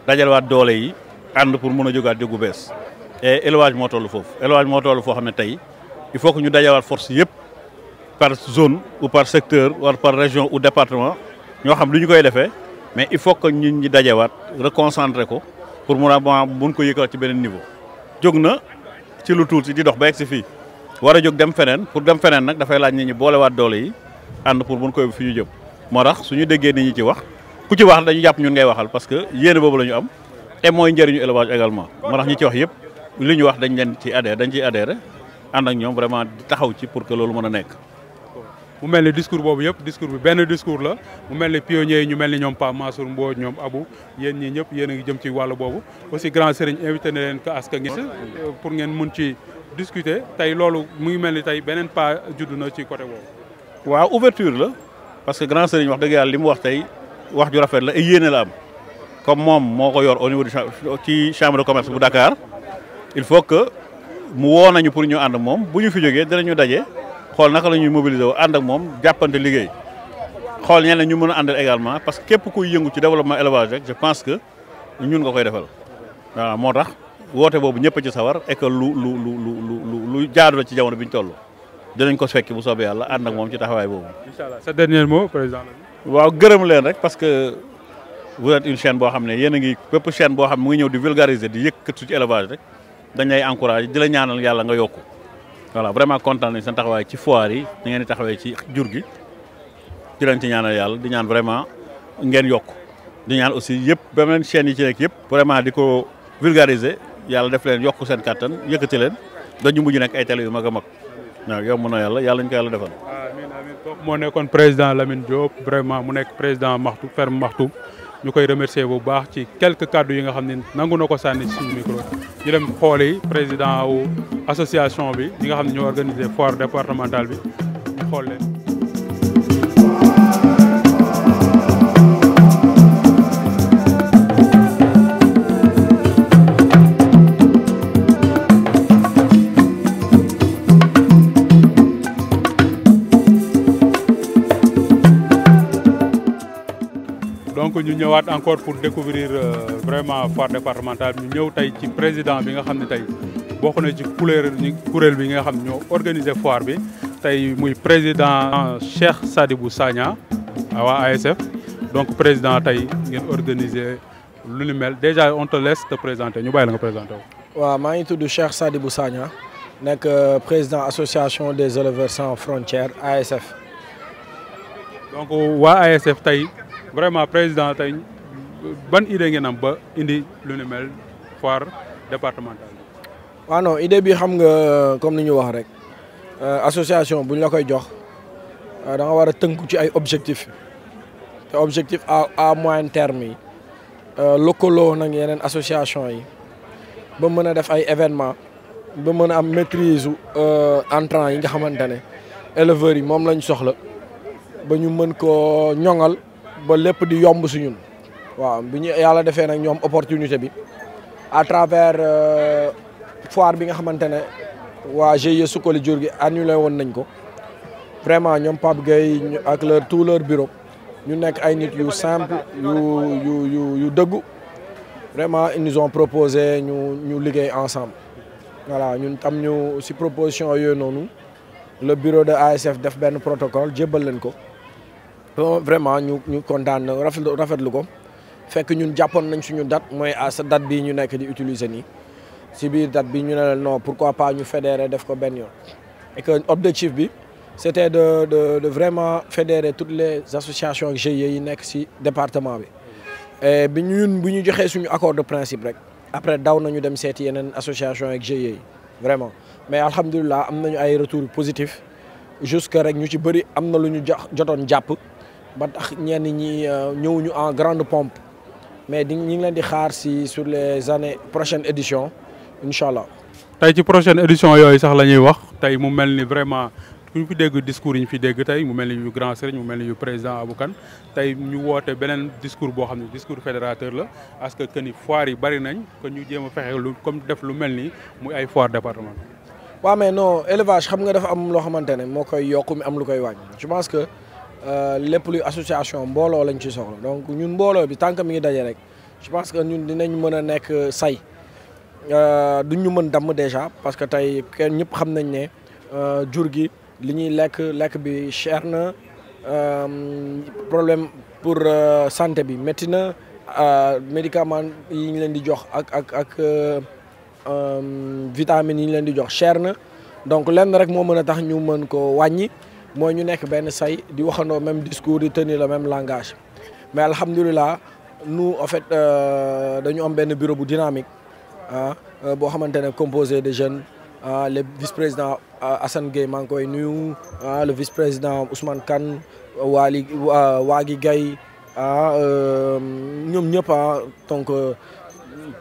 dajalewaat doole yi ànd pour mun a jógaat jógu bees et élevage moo toll foofu élevage moo toll foo xam ne tey il faut que ñu dajawaat force yëpp par zone ou par secteur wala par région ou département ñoo xam lu ñu koy defee mais il faut que ñun ñi dajawaat reconcentré ko pour mun a mun ko yëkkat ci beneen niveau jog na ci lu tuuti di dox ba egg si fii wara jog dem fenen pour dem fenen nak da fay laaj nit ñi boole waat doole yi and pour buñ koy fi ñu jëm mo tax suñu déggé nit ñi ci wax ku ci wax dañu japp ñun ngay waxal parce que yéene bobu lañu am et moy njëriñu élevage également mo tax ñi ci wax yépp liñu wax dañ leen ci adhérer dañ ci adhérer and ak ñom vraiment taxaw ci pour que loolu mëna nekk mu melni discours bobu yépp discours bi benn discours la mu melni pionnier ñu melni ñom pa masour mbo ñom Abou yéen ñi ñëpp yéen ngi jëm ci walu bobu aussi grand serigne invité na leen ka aska ngi pour ngeen mën ci discuter Tay loolu muy melni tay benen pas juddu na ci côté wo. Wa ouverture la parce que grand serigne wax dëgg yàlla limu wax tay wax ju rafet la et yene la am comme mom moko yor au niveau du ci chambre de commerce bu Dakar il faut que mu woo nañu pour ñu ànd mom bu ñu fi jógee dinañu dajé xol naka la ñuy mobiliser wu ànd ak mom jappante liggéey xol ñeneen ñu mëna andal également parce que képp kuy yëngu ci développement élevage rek je pense que ñun nga koy defal waaw motax woote boobu ñëpp ci sawar et que lu lu lu lu lu jaadu la ci jamono bi ñu toll dinañ ko fekki bu soobee yàlla ànd ak moom ci taxawaay boobu. incha allah sa dernier mot président. waaw gërëm leen rek parce que vous êtes une chaîne boo xam ne yéen a ngi bépp chaîne boo xam ne mu ngi ñëw di vulgariser di yëkkatu ci élevage rek dañ lay encouragé di la ñaanal yàlla nga yokku voilà vraiment kontaan nañ seen taxawaay ci foire yi ni ngeen di taxawee ci jur gi di leen ci ñaanal yàlla di ñaan vraiment ngeen yokk di ñaan aussi yëpp ba leen chaîne yi ci nekk yëpp vraiment di ko vulgariser yalla def leen yokk seen kàttan yëkkati leen dañu mujj nek ay télé yu maga mag waaw yow mëna yalla yalla ñu ko yalla defal. amiin amin top mo nekkon président Lamine Diop vraiment mu nekk président Maxtu ferme Maxtu ñu koy remercier bu baax ci quelques kàddu yi nga xam nanguna ko sànni ci suñu micro. ñu dem xolé président association bi ñi nga xam ñu organiser foire départementale bi ñu leen. nous ñu ñëwaat encore pour découvrir euh, vraiment foire départementale ñu ñëw tey ci président bi nga xam ne tey bokk ci couleur ñi le bi nga xam ñoo organiser foire bi tey muy président Cheikh Sadibou Sagna à ASF donc président tey organisé organiser lu mel déjà on te laisse te présenter ñu bàyyi la nga présenter wu. waaw maa ngi tudd Cheikh Sadibou Sagna nekk euh, président association des éleveurs sans frontières ASF. donc waa ASF tey vraiment président tey ban idée ngeen am ba indi lu ni mel foire départementale bi. non idée bi xam nga comme niñu wax rek euh, association buñ la koy jox euh, da nga wara a ci ay objectifs te objectif à à moyen terme yi euh, lëkkaloo nag yeneen association yi ba mëna def ay événements ba mëna am maîtrise euh entrant yi nga xamante ne éleveurs yi moom lañ soxla ba ñu mën ko ñongal ba lépp di yomb si ñun waaw bi ñu yàlla defee nag opportunité bi à travers euh, foire bi nga xamantene wa waa GIE Suxali Jur gi annulé woon nañ ko vraiment ñom Pape Gueye ak leur tout leur bureau ñu nekk ay nit yu simple yu yu yu yu dëggu vraiment ils nous ont proposé ñu ñu liggéey ensemble voilà ñun tam ñu ci proposition yooyu noonu le bureau de ASF def ben protocole djébal lañ ko vraiment ñu ñu kontaan rafetlu rafetlu ko fekk ñun japon nañ suñu date mais à sa date bien ñu nekk di utiliser ni si biir date bi ñu ne non pourquoi pas ñu fédérer def ko benn et que objectif bi c'était de de de vraiment fédérer toutes les associations ak j'ai yi nekk si département bi et bi ñun bu ñu joxee suñu accord de principe rek après daw nañu dem seeti yeneen association ak GIE vraiment mais Alhamdulillah am nañu ay retours positifs jusque rek ñu ci bëri am na lu ñu nous tax euh, en grande pompe mais nous ngi sur les années prochaines éditions Inch'Allah. dans prochaine édition yooyu sax la prochaine vraiment ñu discours Nous ñu fi dégg grand mu président Aboukan. Kane ñu un discours boo discours fédérateur parce que que comme def lu département. mais non je pense que. Euh, lepp luy association mbooloo lañ ci soxla donc ñun mbooloo bi tant que mi ngi daje rek je pense que ñun dinañ mën a nekk euh, say euh, duñ ñu mën damm déjà parce que tey kenn ñëpp xam nañ ne jur gi li ñuy lekk lekk bi cher na problème pour santé bi métti na médicament yi ñu leen di jox ak ak ak vitamine yi ñu leen di jox cher na donc lenn rek moo mën a tax ñu mën ko wàññi nous ñu nekk ben say di waxano même discours di tenir le même langage mais nous en fait euh, dañu am bureau dynamique Nous ah, euh, sommes xamantene composé de jeunes ah, le vice président Hassan ah, Gueye mang le vice président Ousmane Kane Wali Waagi Gaye ah euh, ñëpp donc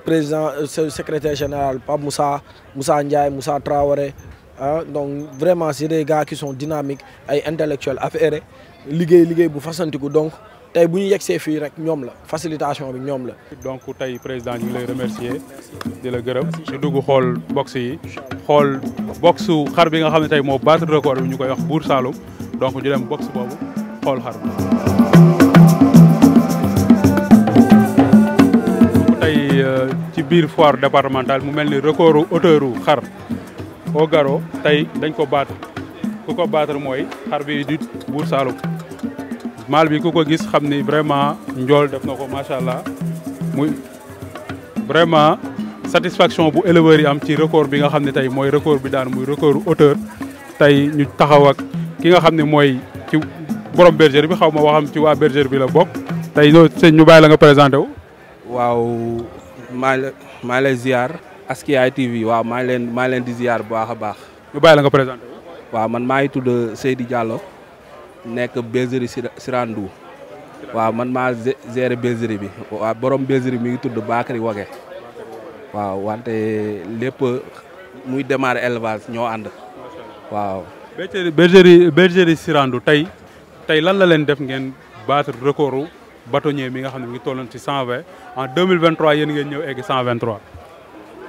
président secrétaire général Pape Moussa Moussa Ndiaye Moussa Traoré ah donc vraiment c'est des gars qui sont dynamiques et intellectuels affairés liggéey liggéey bu fasantiku donc tey bu ñu yegsee fii rek ñoom la facilitation bi ñoom la. donc tey président ñu ngi lay remercier di la gërëm ñu dugg xool box yi xool boxu xar bi nga xam ne tey moo battre record bi ñu koy wax Buur Saloum donc ñu dem box boobu xool xar bi. tey euh, ci biir foire départementale mu mel ni recordu hauteur xar. au garrot tey dañ ko battre ko battre mooy xar bi di buur Saalum maal bi ku ko gis xam ni vraiment njool def na ko macha allah muy vraiment satisfaction bu éleveurs yi am ci record bi nga xam ne tey mooy record bi daan muy record hauteur tey ñu taxaw ak ki nga xam ne mooy ci borom bergerie bi xaw ma waxam ci waa bergerie bi la bokk. tey ñoo sëñ ñu bàyyi la nga présenté waaw maa Askia TV waaw maa ngi leen maa ngi leen di ziar bu baax a baax. ñu bàyyi la nga présenté waaw man maa ngi tudd Seydi Diallo nekk bergerie Sirandou waaw man maa géré bergerie bi waaw borom bergerie mi ngi tudd Bakary Wague waaw wante lépp muy démarrer élevage ñoo ànd waaw. bergerie bergerie Sirandou tey tey lan la leen def ngeen battre recordu bâtonnier mi nga xam ne mi ngi tolloon ci 120 en 2023 yéen ngeen ñëw egg 123.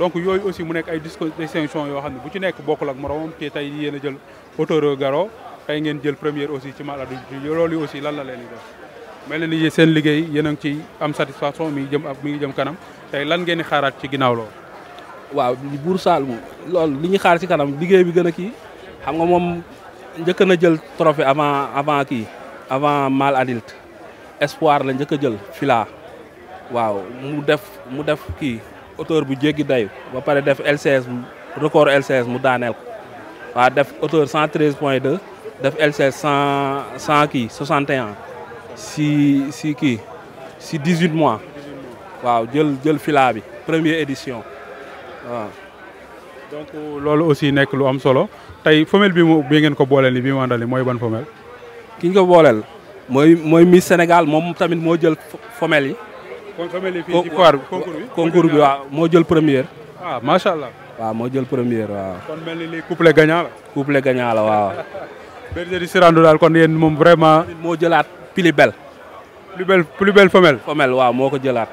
donc yooyu aussi mu nekk ay distinction yoo xam ne bu ci nekk bokkul ak moromam te tey yéen a jël auteur Garo tey ngeen jël premier aussi ci Mal Adoubi loolu aussi lan la leen di def mel na ni seen liggéey yéen a ciy am satisfaction mi ngi jëm mi ngi jëm kanam tey lan ngeen di xaaraat ci ginnaaw loolu. waaw Buur Saloum loolu li ñu xaar si kanam liggéey bi gën a kii xam nga moom njëkk na jël trophée avant avant kii avant Mal adulte espoir la njëkk a jël fila waaw mu def mu def kii. auteur bu jéggi dayu ba pare def LCS record LCS mu danel ko wa def auteur 113.2 def LCS 100 100 61 si si kii si 18 mois waaw djel djel fila bi première édition wa donc lolu aussi nek lu am solo tay femelle bi mo bi ngeen ko booleel ni bi mu àndal mooy ban femelle. ki ñu ko booleel moy mooy Miss Sénégal moom tamit mo djel femelle yi. concours bi concours bi jël première. ah machallah wa mo jël première wa kon melni ni lii couplet gagnant la. couplet gagnant la waaw. bergerie Sirandou dal kon yeen mom vraiment. mo jëlat plus belle. plus belle plus belle femelle. femelle wa moko jëlat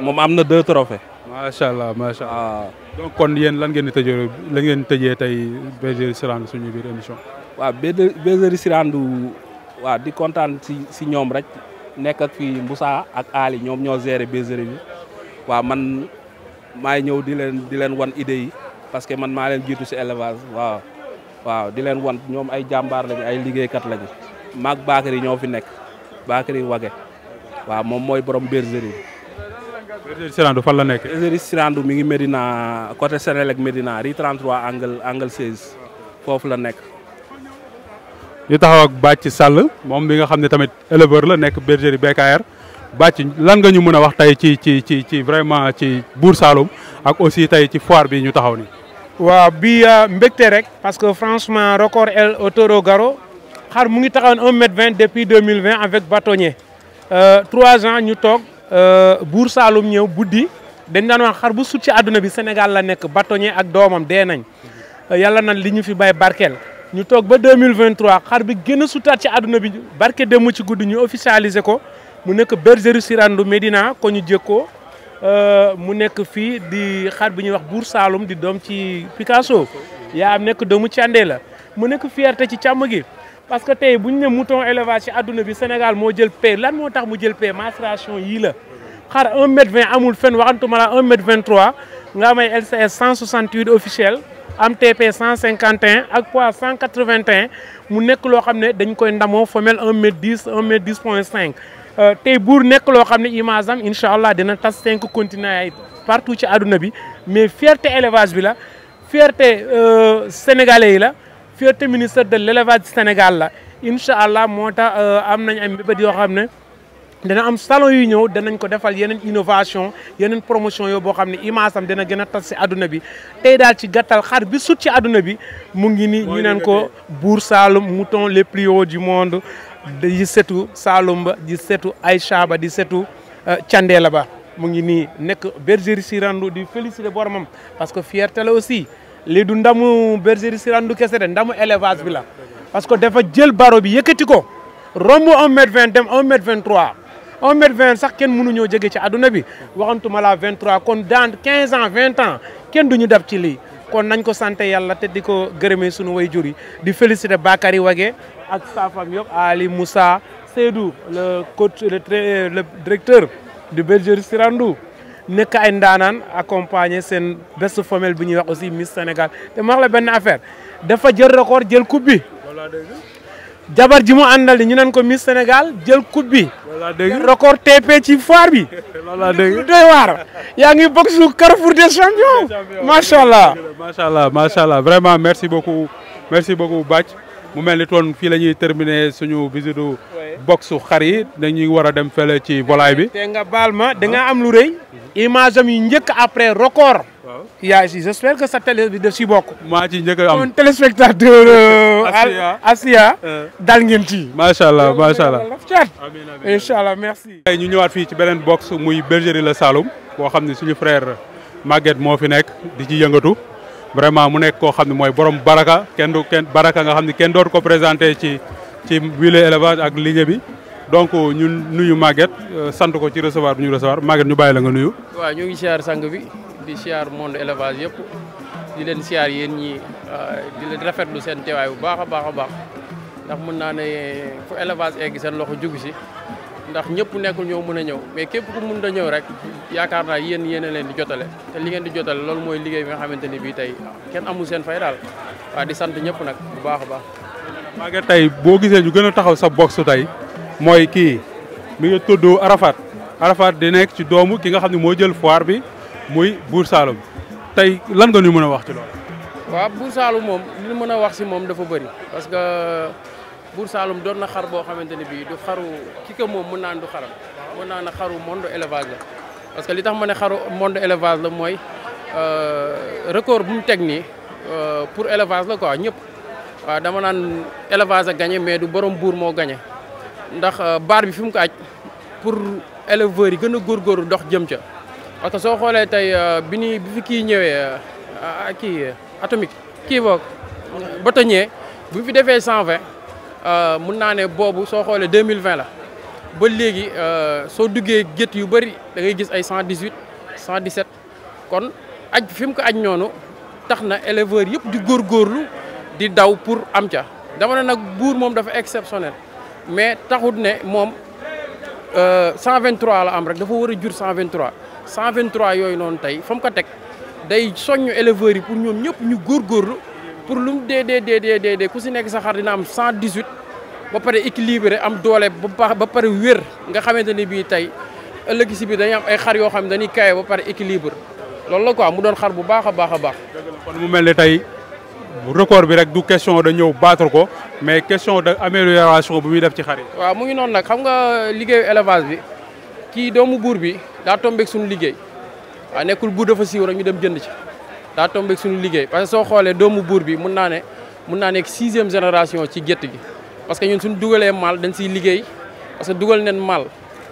mom amna deux trophées. machallah machallah macha donc kon yeen lan ngeen di tëjee lan ngeen di tay berger bergerie Sirandou suñu bir émission. waaw bergerie Sirandou wa di contane ci ci ñom rek. nekk ak fii Moussa ak Ali ñoom ñoo gérer bergerie bi waaw man maay ñëw di leen di leen wan idée parce que man maa leen jiitu si élevage waaw waaw di leen wan ñoom ay jàmbaar lañu ay liggéeykat lañu maag Bakary ñoo fi nekk Bakary Wage waaw moom mooy borom bergerie bi. bergerie Sirandu fan la nekk. bergerie Sirandu mi ngi Medina côté Sénélec médina rue 33 angle angle 16 foofu la nekk. ñu taxaw ak Bathie Sall moom mi nga xam tamit éleveur la nek bergerie BKR Bathie lan nga ñu mën a wax tey ci ci ci vraiment ci Buur Saloum ak aussi tey ci foire bi ñu taxaw ni waaw bi euh, mbégte rek parce que franchement record El Toro Garo xar mu ngi un mètre vingt depuis 2020 avec bâtonnier euh, trois ans ñu toog euh, Buur Saloum ñëw buddi dañ car wax xar bu sut ci àdduna bi Sénégal la nek bâtonnier ak doomam dee nañ Yalla na li fi bay barkel. ñu toog ba 2023 xar bi génn a sutaat ci àdduna bi barke demu ci guddi ñu officialisé ko mu nekk bergerie Sirandou Médina ko ñu jëkkoo euh, mu nekk fii di xar bi ñuy wax Buur Saalum di doom ci Picasso yaa am nekk doomu Càndee la mu nekk fierté ci càmm gi parce que tey bu ñu ne mouton élevage ci àdduna bi Sénégal moo jël paie lan moo tax mu jël paie mastration yii la xar 1 mètre 20 amul fen fenn waxantuma la 1 mètre 23 nga amay LCS 168 officiel am TP 151 ak poids 181 mu nekk loo dañ koy ndamoo femelle 1 m 10 1 m 105 euh 5 bour nek lo xamné image am inshallah dina tas 5 continents partout ci aduna bi mais fierté élevage bi la fierté euh, sénégalais yi la fierté ministère de l'élevage du Sénégal la inshallah allah moo euh, am nañ am mbébét yo xamné dana am salon yu dan danañ ko defal yenen innovation yenen promotion yo bo xamni image am dana gëna tass ci aduna bi tay dal ci gattal xar bi sut ci aduna bi mu ngi ni ñu naan ko Buur salum mouton les plus hauts du monde di setu Saalum ba di setu Aïcha ba di setu euh, Thiandela ba mu ngi ni nek bergerie Sirandou di félicité boromam parce que fierté la aussi li du ndamu bergerie Sirandou kessé de ndamu élevage bi la parce que dafa jël baro bi yëkëti ko romb 1m20 dem 1m23 1 mètre 20 sax kenn mënuñoo jege ci àdduna bi waxantuma la 23 kon dans 15 ans 20 ans ken duñu dab ci lii kon nañ ko santé yàlla te di ko gërëmee way jur di féliciter Bakary Wagué ak saafam yëpp Ali Moussa Seydou le coach le, le directeur du Bergerie Sirandou nek ay ndanan accompagner sen best femelle bi ñuy wax aussi Miss Senegal, té ma la ben affaire dafa jël record jël coupe bi jabar ji mu andal ñu nan ko Miss Sénégal jël coupe laa dégg record TP bi. loolu laa dégg lu doy waar. yaa ngi bokk su Carrefour des champions. macha allah macha allah vraiment merci beaucoup merci beaucoup Bathie. mu mel ni toon fii la ñuy terminer suñu visite boxu xar yi dañuy war a dem fële ci volaille bi. te nga baal ma da nga ah. am lu rëy. image am njëkk après record. waaw yaa si j'espère que sa télé bi si bokk. maa ci njëkk am kon téléspectateur. Euh, Assia Assia. Euh. dal ngeen ci. macha allah macha allah amiin incha allah merci. ñu ñëwaat fii ci beneen box muy bergerie la Saloum boo xam ne suñu frère Maguette moo fi nekk di ci yëngatu. vraiment mu nekk koo xam ne mooy borom baraka kenn du kenn baraka nga xam ne kenn dootu ko présenté ci ci milieu élevage ak liggéey bi donc ñun nuyu Maguette euh, sant ko ci recevoir bu ñu recevoir Maguette ñu bàyyi la nga nuyu. waaw ñu ngi siyaar sang bi di siyaar monde élevage yëpp di leen siyaar yéen ñi euh, di leen rafetlu seen teewaay bu baax a baax a baax ndax mun naa ne fu élevage egg seen loxo jugu si. ndax ñepp nekkul ñoo mëna ñëw mais képp ku mënda ñëw rek yaakaar na yeen yeen a leen di jotalé té li ngeen di jotale lool moy liggéey bi nga xamanteni bi tay tey kenn amul seen fay dal wa di sant ñepp nak bu baax baax baax. nga tay bo gisé ñu gëna taxaw sa box tay moy ki mi ngi tuddu Arafat Arafat di nekk ci doomu ki nga xamni mo jël foire bi muy Bour Saloum tay lan nga ñu mëna wax ci lool wa Bour Saloum mom li mëna wax si mom dafa bari parce que. Bursa Saalum do na xar bo xamanteni bi du xaru ki mom mu nan du xaram mën naa xaru monde élevage parce que li tax ma ne xaru monde élevage la euh record bu mu teg nii euh, pour élevage la quoi ñep wa dama nan élevage a gagné mais du borom bour mo gagné ndax euh, bar bi fim ko aj pour éleveur yi gëna gor gor dox jëm ca parce que so xolé tay euh, bi ni bi fi kii ñëwee ki atomique ki bok ba bu fi défé 120 Euh, mun naa ne boobu 2020 la ba euh so duggee gétt yu bari da ngay gis ay 118 117 kon aj fi ko aj nonu taxna na éleveurs di gor gorlu di daw pour am tia dama ne nak buur mom dafa exceptionnel mais taxut ne euh 123 la am rek dafa wara jur 123 123 yoy non tay fam ko tek day soñu éleveurs yi pour ñom ñëpp ñu gorlu pour lu mu dee dee dee dee dee ku si nekk sa xar dina am 118 ba pare équilibré am doole ba ba pare wér nga xamante ni bii tey ëllëg si biir dañuy am ay xar yoo xam ne dañuy kawe ba pare équilibre loolu la quoi mu doon xar bu baax a baax a baax. kon mu mel ne record bi rek du question da ñëw battre ko mais question de amélioration bu muy def ci xar yi. waaw mu ngi noonu nag xam nga liggéeyu élevage bi kii doomu buur bi daa tombeek suñu liggéey waaw nekkul buur dafa siiw rek ñu dem jënd ci da tombé suñu liggéey parce que so xolé doomu bour bi mun naa ne mun naa nekk sixième génération ci gétt gi parce que ñun suñu dugalee mal dañ ci liggéey parce que dugal neen mal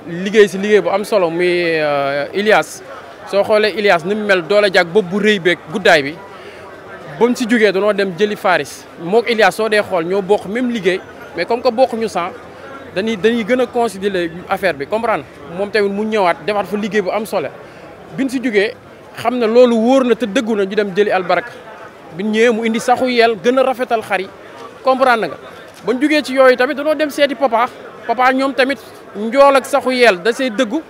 liggéey ci liggéey bu am solo muy euh, Ilias so xolé Ilias ni mel doole jak bopp bu rëy beeg guddaay bi ba ci si dañu dem jëli Faris mok Ilias so dé xol ño bokk même liggéey mais comme ko que ñu sang dañuy dañuy gëna a considérer affaire bi comprendre mom tamit mu ñëwaat defaat fa liggéey bu am solo biñ ci jógee xam lolu worna na te jeli ñu dem jëli baraka bi mu indi saxu yel gëna rafetal xari comprendre nga bañ jugee ci yooyu tamit dem séti papa papa ñom tamit ndjol ak saxu yel da sey deggu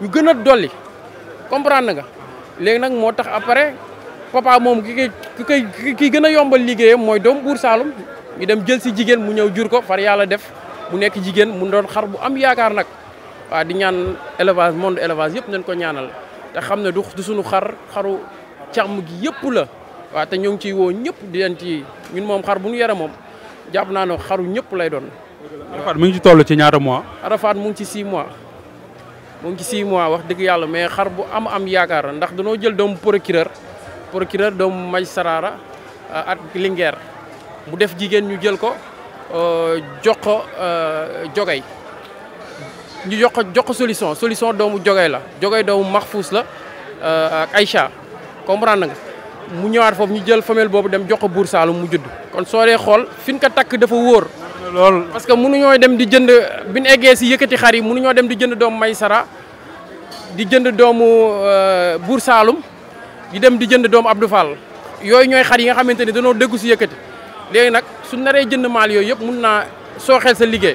ñu gëna doli comprendre nga légui nak après papa mom ki ki ki gëna yombal liggéeyam moy dom bour salum ñu dem jël si jigen mu ñëw jur ko far yàlla def mu nekk jigen mu ndon xar bu am yaakar nak wa di ñaan élevage monde élevage yépp ñen ko ñaanal te xam du du suñu xar xaru càmm gi yëpp la wa te ñong ci wo woo ñëpp di leen ci ñun mom xar bu ñu yore mom japp na ne xaru ñëpp lay doon. Arafat mu ngi ci tollu ci ñaara mois. Arafat mu ngi ci 6 mois mu ngi ci 6 mois wax dëgg yalla mais xar bu am am yaakar ndax dañu jël dom procureur procureur dom magistrat euh, at Linguère mu def jigen ñu jël ko euh jox ko euh jogay ñu jox jox solution solution doomu jogay la jogay doomu Mahfous la euh, ak Aïcha comprendre nga mu ñëwaat fofu ñu jël femelle bobu dem jox ko Buur mu judd. kon soo dee xool fi ko tak dafa woor lool parce que ñoy dem di jënd biñu ñu ci yëkëti xari mënu ñoy dem di jënd doomu Maysara di jënd doomu euh, Buur di dem di jënd doomu Abdou Fall yoy ñoy xari nga xamanteni ni dégg ci yëkëti légui nak su jënd mal yoy yëpp mun naa sa liggéey.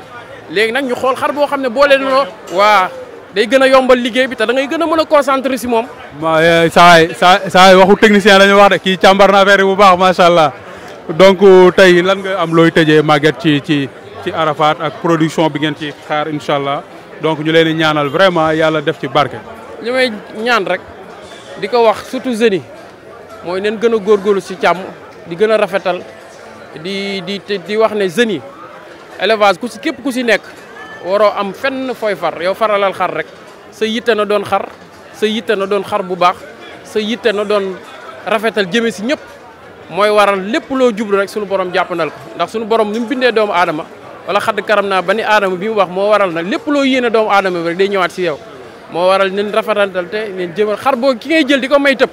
léegi nag ñu xool xar boo xam ne boo leen loo waa day gën a yombal liggéey bi te da ngay gën a mën a concentré si moom. waaw eh, saay saay waxu technicien la ñu wax de kii càmbar na affaire bu baax macha allah donc tey lan nga am looy tëjee Maguette ci ci ci Arafat ak production bi ngeen ci xaar incha allah donc ñu leen di ñaanal vraiment yàlla def ci barke. li may ñaan rek di ko wax surtout jeunes yi mooy neen gën a góorgóorlu si càmm di gën a rafetal di di di wax ne jeunes yi. élevage ku si képp ku si nekk waroo am fenn fooy far yow faralal xar rek sa yitte na doon xar sa yitte na doon xar bu baax sa yitte na doon rafetal jëme si ñëpp mooy waral lépp loo jublu rek sunu borom jàppandal ko ndax suñu borom ni mu bindee doomu aadama wala xadd karam naa ba ni aadama bi mu wax moo waral na lépp loo yéene doomu adama bi rek day ñëwaat si yow moo waral nen rafetal te nen jëmal xar boo ki ngay jël di ko may tëb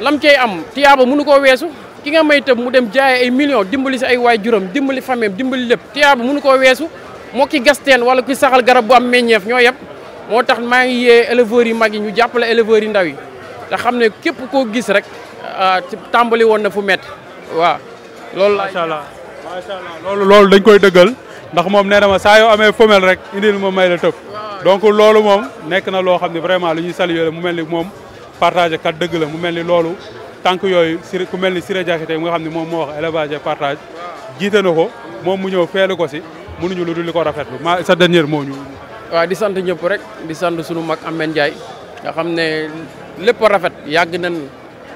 lam cey am tiyaaba mënu koo weesu ki nga may tam mu dem jaay ay million dimbali sa ay way juram dimbali famem dimbali lépp tiyaaba mënu ko wessu mo ki gasteen wala ku saxal garab bu am meñef ño yeb moo tax maa ngi ye éleveur yi mag yi ñu jàppale éleveur yi ndaw yi da xam ne képp koo gis rek ah, tambali won na fu métti waaw loolu macha allah macha allah loolu loolu dañ koy dëggal ndax mom nee ma sa yo amé femelle rek indil ma may la top donc loolu mom nek na lo xam vraiment lu ñuy saluer mu melni mom partager kat deug la mu melni ni loolu tànk yooyu si ku mel ni Siré Diakité nga xam ne moom moo wax élevage et partage ko moom mu ñëw feelu ko si mun mënuñu lu dul li ko rafetlu ma sa dernier moo ñu. waa di sant ñëpp rek di sant sunu mag Amène Ndiaye nga xam ne lépp rafet yàgg nañ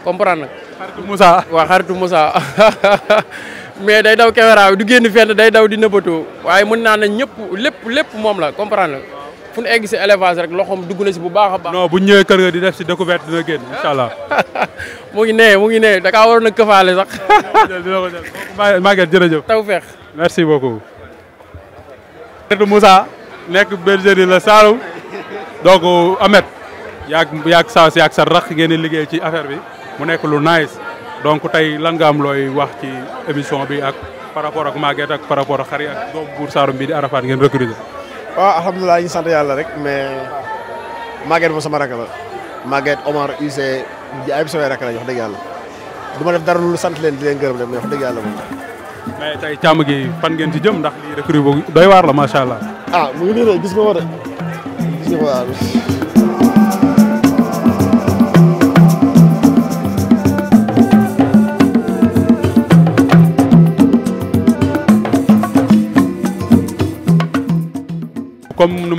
comprendre nag. xaritu Moussa waaw xaritu mais day daw caméra du génn fenn day daw di nëbbatoo waaye mën naa ne ñëpp lépp lépp moom la comprendre fu ñu egg si élevage rek loxom dugg na si bu baaxa baax. non bu kër nga di def ci découverte dina gën inshallah allah. ngi nee mo ngi nee da ka waroon a këfaale sax. ma ko jël jëf jërëjëf. merci beaucoup. Maguette Moussa nek bergerie la Saloum donc amet yak yak saa si sa rax gën di liggéey ci affaire bi mu nek lu nice donc tay lan nga am loy wax ci émission bi ak par rapport ak Maguette ak par rapport ak ak bour bi di Arafat ngeen recruter. waaw alhamdulilah ñu sant yàlla rek mais Maguette moom sama rakk la Maguette Omar Use ji ay samay rakk la wax dëgg yàlla du ma def dara lu sant leen di leen gërëm de mais wax yàlla moom. mais tey càmm gi fan ngeen ci jëm ndax lii recrue boobu doy waar la macha allah. Ah, mu ngi nii de gis nga ko de gis nga ko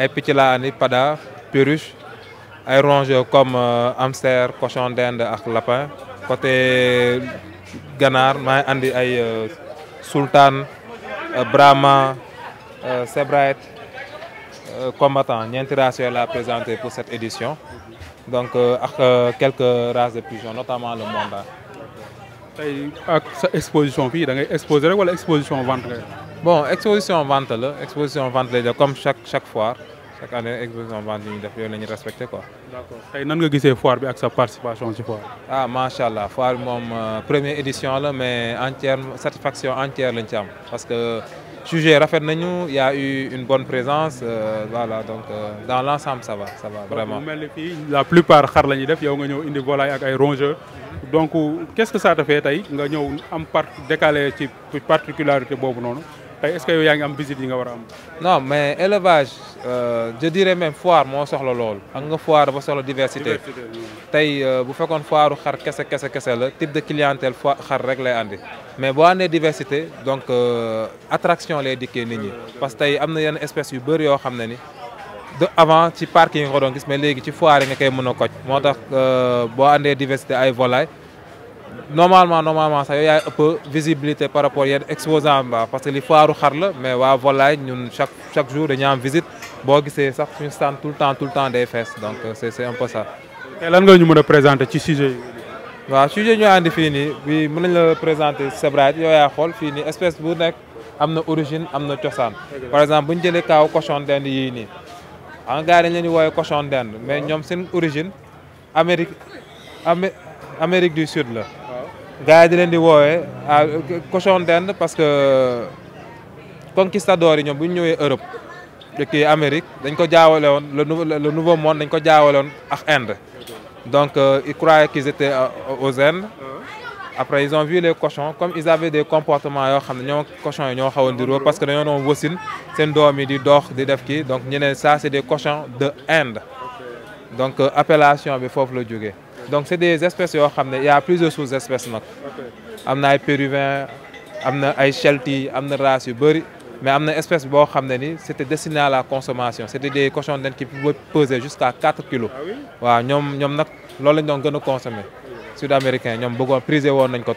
ay puis laa ni pada perruches, ay rongeurs comme euh, hamster cochon d'Inde ak lapin côté ganar maa andi ay euh, sultan euh, brahma sebright combattant ñeenti races la présenter pour cette édition donc ak quelques races de pigeons notamment le monda tay ak sa exposition oui. da ngay ou rek exposition vente bon exposition vente là, exposition vente là. comme chaque chaque foire chaque année exposition vente nous ñu def Et respecté quoi. d'accord nan nga foire bi sa participation ci foire. ah macha La foire mon la euh, première édition là, mais entière satisfaction entière lañ ci parce que sujet rafet il y a eu une bonne présence euh, voilà donc euh, dans l'ensemble ça va ça va vraiment. la plupart xar gens ñuy def yow nga ñëw indi volaille ak rongeurs. donc qu'est-ce que ça te fait tey nga ñëw part décalé ci particularité est-ce que vous avez visite non mais élevage euh, je dirais même foire je soxla nga foire c'est euh, la diversité. foire bu type de clientèle foire xar mais diversité donc euh, attraction les parce que y a une espèce de yu avant ci parking, mais foire diversité normalement normalement ça un un peu visibilité par rapport à exposant parce que les foires xar mais wa volaille ñun chaque chaque jour dañuy am visite c'est ça, sax suñu stand tout le temps tout le temps des fesses. donc euh, c'est c'est un peu ça. Et lan nga ñu mëna présenter ci sujet wa sujet ñu andi je nii bi mën la présenter c'est yo ya y a espèce bu nek am origine am na par exemple si jëlé kaw cochon dend yii en gars dañ leen di woyé cochon dend mais ñom seen origine Amérique Amérique du Sud là gars yi di leen di ah, cochon d'Inde parce que conquistadors yi ñoom bu ñu Europe kii Amérique dañ ko jaawale woon le nouveau le nouveau monde dañ ko jaawale ak Inde. donc euh, ils croyaient qu'ils étaient euh, aux Indes. après ils ont vu les cochons comme ils avaient des comportements ils ont ñoo cochons yi ñoo xaw a parce que dañoo doon wasin seen doom yi di dox di def donc ça c'est des cochons de Inde donc euh, appellation bi foofu la jógee donc c'est des espèces yo, il y' a plusieurs sous-espèces nag am na ay péruvin am ay chelti am race yu bëri mais am na espèce boo xam ni c' destiné à la consommation C'était des cochons d'Inde qui pouvaient peser jusqu'à quatre kilos ah waaw ñoom ñoom nag loolu lañ doon gën a consommer sud américain ñoom bëggoon prisé woon nañ ko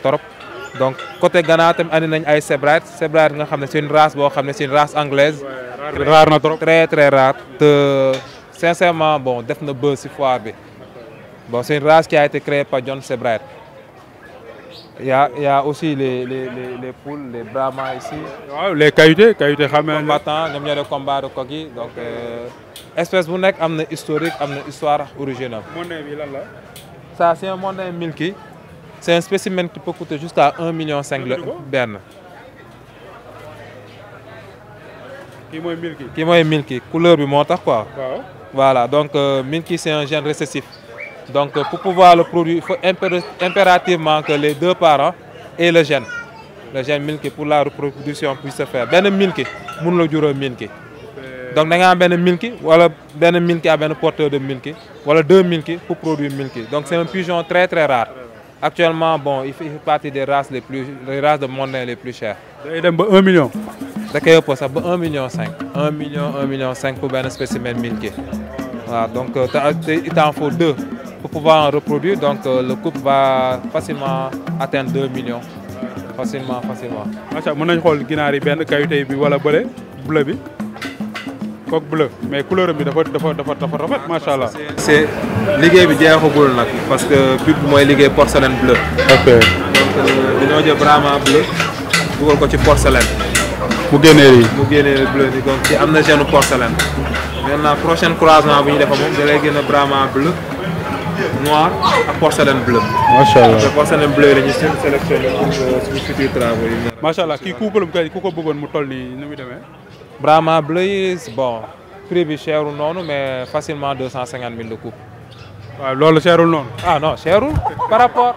donc côté Ghana tam andi nañ ay sebright sebright nga une race boo xam une race anglaise rare na trop très très rare te sincèrement bon def na buzz si bi Bon, c'est une race qui a été créée par John Sebrae. Il y, a, il y a aussi les, les, les, poules, les brahmas ici. les caïtés, les ramènent. Les combattants, les meilleurs combats combat de Kogi. Donc, euh, espèce bu nekk am historique am histoire originale. monnaie il ça c'est un monnaie milky. C'est un spécimen qui peut coûter jusqu'à 1,5 million de bernes. Qui kii milky Qui kii milky couleur du montant, quoi. voilà donc euh, milky, c'est un gène récessif. Donc euh, pour pouvoir le produire, il faut impérativement que les deux parents aient le gène. Le gène milky pour la reproduction puisse se faire. Ben milky, moun le Donc nous a un milky, voilà ben milky à un porteur de milky, voilà deux milky pour produire milky. Donc c'est un pigeon très très rare. Actuellement, bon, il fait partie des races les plus, les races de monde les plus chères. Il y a 1 million. D'accord pour ça, 1 million 5. 1 million, 1 million 5 pour un spécimen milky. Voilà, donc euh, il t'en faut deux pour pouvoir en reproduire. Donc euh, le couple va facilement atteindre 2 millions. facilement facilement. bleu bleu mais couleur c'est parce que pub bi porcelaine bleue. ok donc nom euh, de brahma bleu porcelaine. bleu donc porcelaine. maintenant prochaine croisement bu bleu noir à porcelaine bleue. Machallah. porcelaine bleue la une sélection, pour euh, suñu futur travail. Masha'Allah, qui coupe le couple kay ku ko bëggoon mu Brahma bleu bon prix cher ou non, mais facilement 250.000 de de coupe. le cher. ou non? ah non cherul par rapport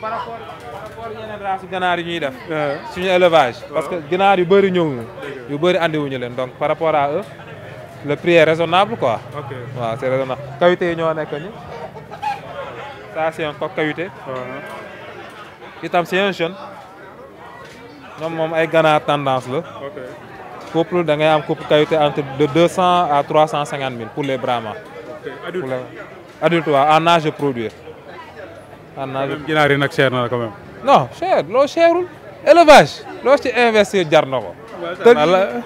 par rapport par rapport c'est races yi élevage. parce que les yu sont beaucoup plus yu bëri andiwuñu donc par rapport à eux le prix est raisonnable quoi. ok c'est c'est raisonnable qualité ce ñoo nekk nii. Ça, c'est un coq Cahuté. C'est un jeune. Donc, mon Ghana a tendance. Là. Okay. Couple, il y un entre 200 à 350 000 pour les Brahmins. Pour Les... adultes? en âge de produire. En âge de produire. Il n'y a rien quand même. Non, cher, l'eau cher. Élevage, l'eau c'est investir d'Arnovo.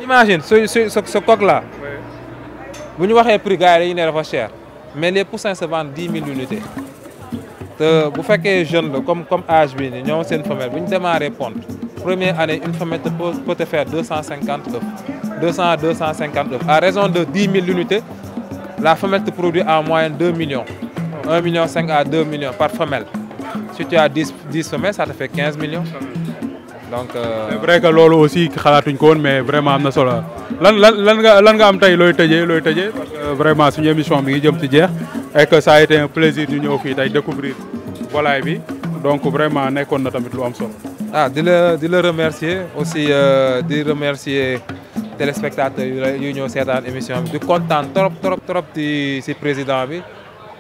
Imagine, ce, ce, coq-là. Oui. Vous nous voyez le prix, il est cher. Mais les poussins se vendent 10 000 unités. Vous faites jeune, comme âge, vous avez une femelle. Vous démarrez répondre. Première année, une femelle peut te faire 250 œufs. 200 à À raison de 10 000 unités, la femelle te produit en moyenne 2 millions. 1 million 5 à 2 millions par femelle. Si tu as 10, femelles, ça te fait 15 millions. Euh, c'est vrai que Lolo aussi, mais vraiment, il y il des choses. Vraiment, c'est une émission qui est et que ça a été un plaisir de ñëw découvrir volaille donc vraiment on est content de am ah di le remercier aussi euh, de remercier téléspectateurs de ñëw seetaan émission Je suis content trop trop trop de ci président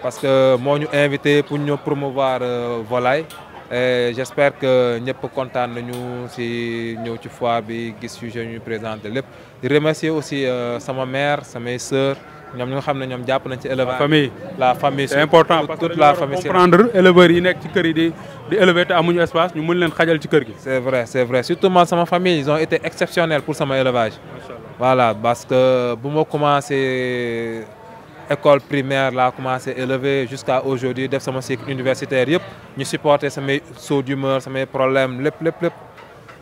parce que nous invité pour nous promouvoir euh, volaille. j' J'espère que nous sommes nous. si nous ci foire bi gis Je ñu présenter lépp Je remercier aussi euh, ma mère mes soeurs. Nous nga élevage. la famille c'est important toute la famille comprendre éleveurs yi nekk ci kër yi di di élever amuñu espace ñu mën leen xajal ci kër c'est vrai c'est vrai surtout ma sama famille ils ont été exceptionnels pour sama élevage. voilà parce que bu comment commencé école primaire comment commencé élever jusqu'à aujourd'hui def sama cycle universitaire yépp ñu supporter sauts d'humeur mes problèmes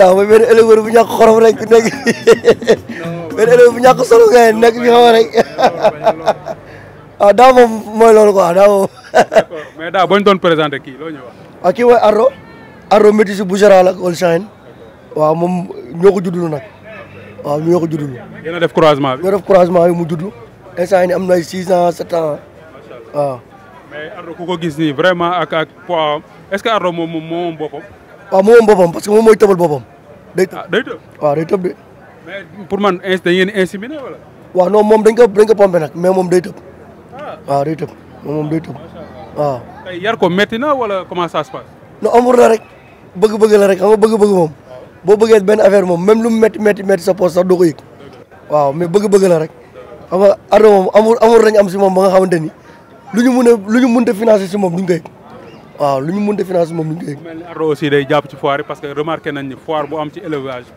ndax mooy benn éleveur bu ñàkk xorom rek nekk benn éleveur bu ñàkk solo nga nekk fi xaw rek waaw daaw moom mooy loolu quoi daaw mais daaw bañ doon présenté kii loo ñuy wax. waaw kii mooy Ardo Ardo métis bu général ak Holstein waaw moom ñoo ko juddulu nag waaw ñoo ko def croisement bi. ñoo def croisement bi mu eh, am na 6 ans 7 ans mais ko gis vraiment ak ak poids est ce que waaw mu parce que moom mooy tëbal boppam. day tëb day tëb waaw de. mais pour man dañ inséminé wala. waaw non moom dañ ko dañ ko pompé nag mais moom day tëb. waaw day tëb yar ko na wala comment ça se passe. non amour la rek bëgg-bëgg la rek xam nga bëgg-bëgg moom. boo bëggee benn affaire moom même lu mu métti métti sa poche sax doo ko yëg. waaw mais bëgg-bëgg la rek. xam nga Ardo moom amour amour am ba nga mënta financer duñ ko waaw lu ñu mun de financé moom lu ñu koy. mel ni aussi day jàpp ci foire yi parce que remarqué nañ ni foire bu am ci élevage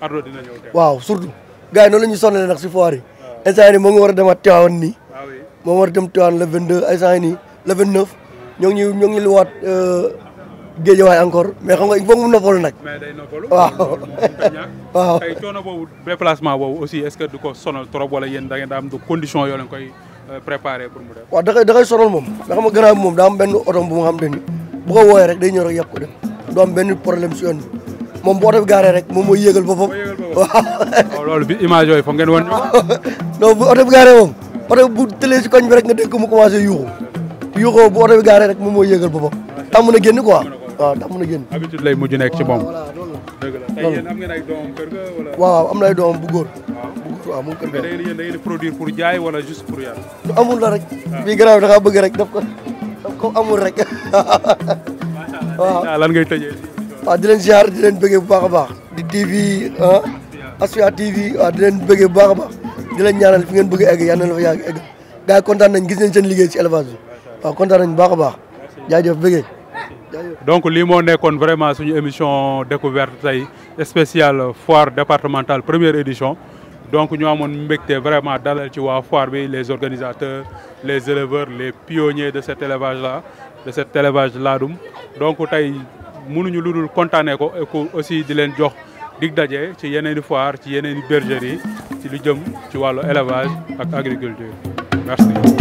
Ardo dina ñëw teew. waaw surtout gars yi noonu la ñuy sonal nag si foire yi. waaw instant yii moo ngi war a demaat Tivaouane nii. waaw ah oui moo war a dem Tivaouane le 22 instant yii nii le 29. ñoo ngi ñoo ngi luwaat euh, géejawaay encore mais xam nga il faut mu noppalu nag. mais day noppalu. waaw waaw. tey coono boobu déplacement boobu aussi est-ce que ko sonal trop wala yéen da ngeen da yoo leen koy. Euh, préparé pour mu def. waaw da koy da koy sonal moom nga xam ne gannaaw am benn oto bu nga xam te ni bu ko wooyee rek day ñëw rek yàpp ko dem du am benn problème si yoon moom bu oto bi gaaree rek moom mooy yëgal boppam. waaw oh, loolu bi image yooyu foog ngeen wan ñu. non bu oto bi gaaree moom oto bu tëlee si koñ bi rek nga dégg mu commencé yuuxu yuuxoo bu oto bi gaaree rek moom mooy yëgal boppam na génn quoi waaw tàmm na génn. habitude lay mujj nekk la tey yéen am ngeen ay doom kër ga wala. am na doom bu góor. ko waaw mu ngi kër da ngeen produire pour jaay wala juste pour yàlla. amul la rek. bi ah. garaaw da ngaa bëgg rek daf ko daf ko amul rek. Ah. lan gitu ngay di ziar di bu baax. di TV ah. TV waaw di leen bëggee bu baax baax. di leen ñaanal fi ngeen bëgg egg yàlla la fa yàgg egg gars nañ gis nañ seen liggéey ci élevage nañ bu baax donc li mo nekkoon vraiment suñu émission découverte tay spéciale foire départementale première édition donc nous avons vraiment dalal ci les organisateurs les éleveurs les pionniers de cet élevage là de cet élevage là donc nous mënuñu lu de aussi de leen jox dig daje ci foire ci yeneeni bergerie ci lu jëm merci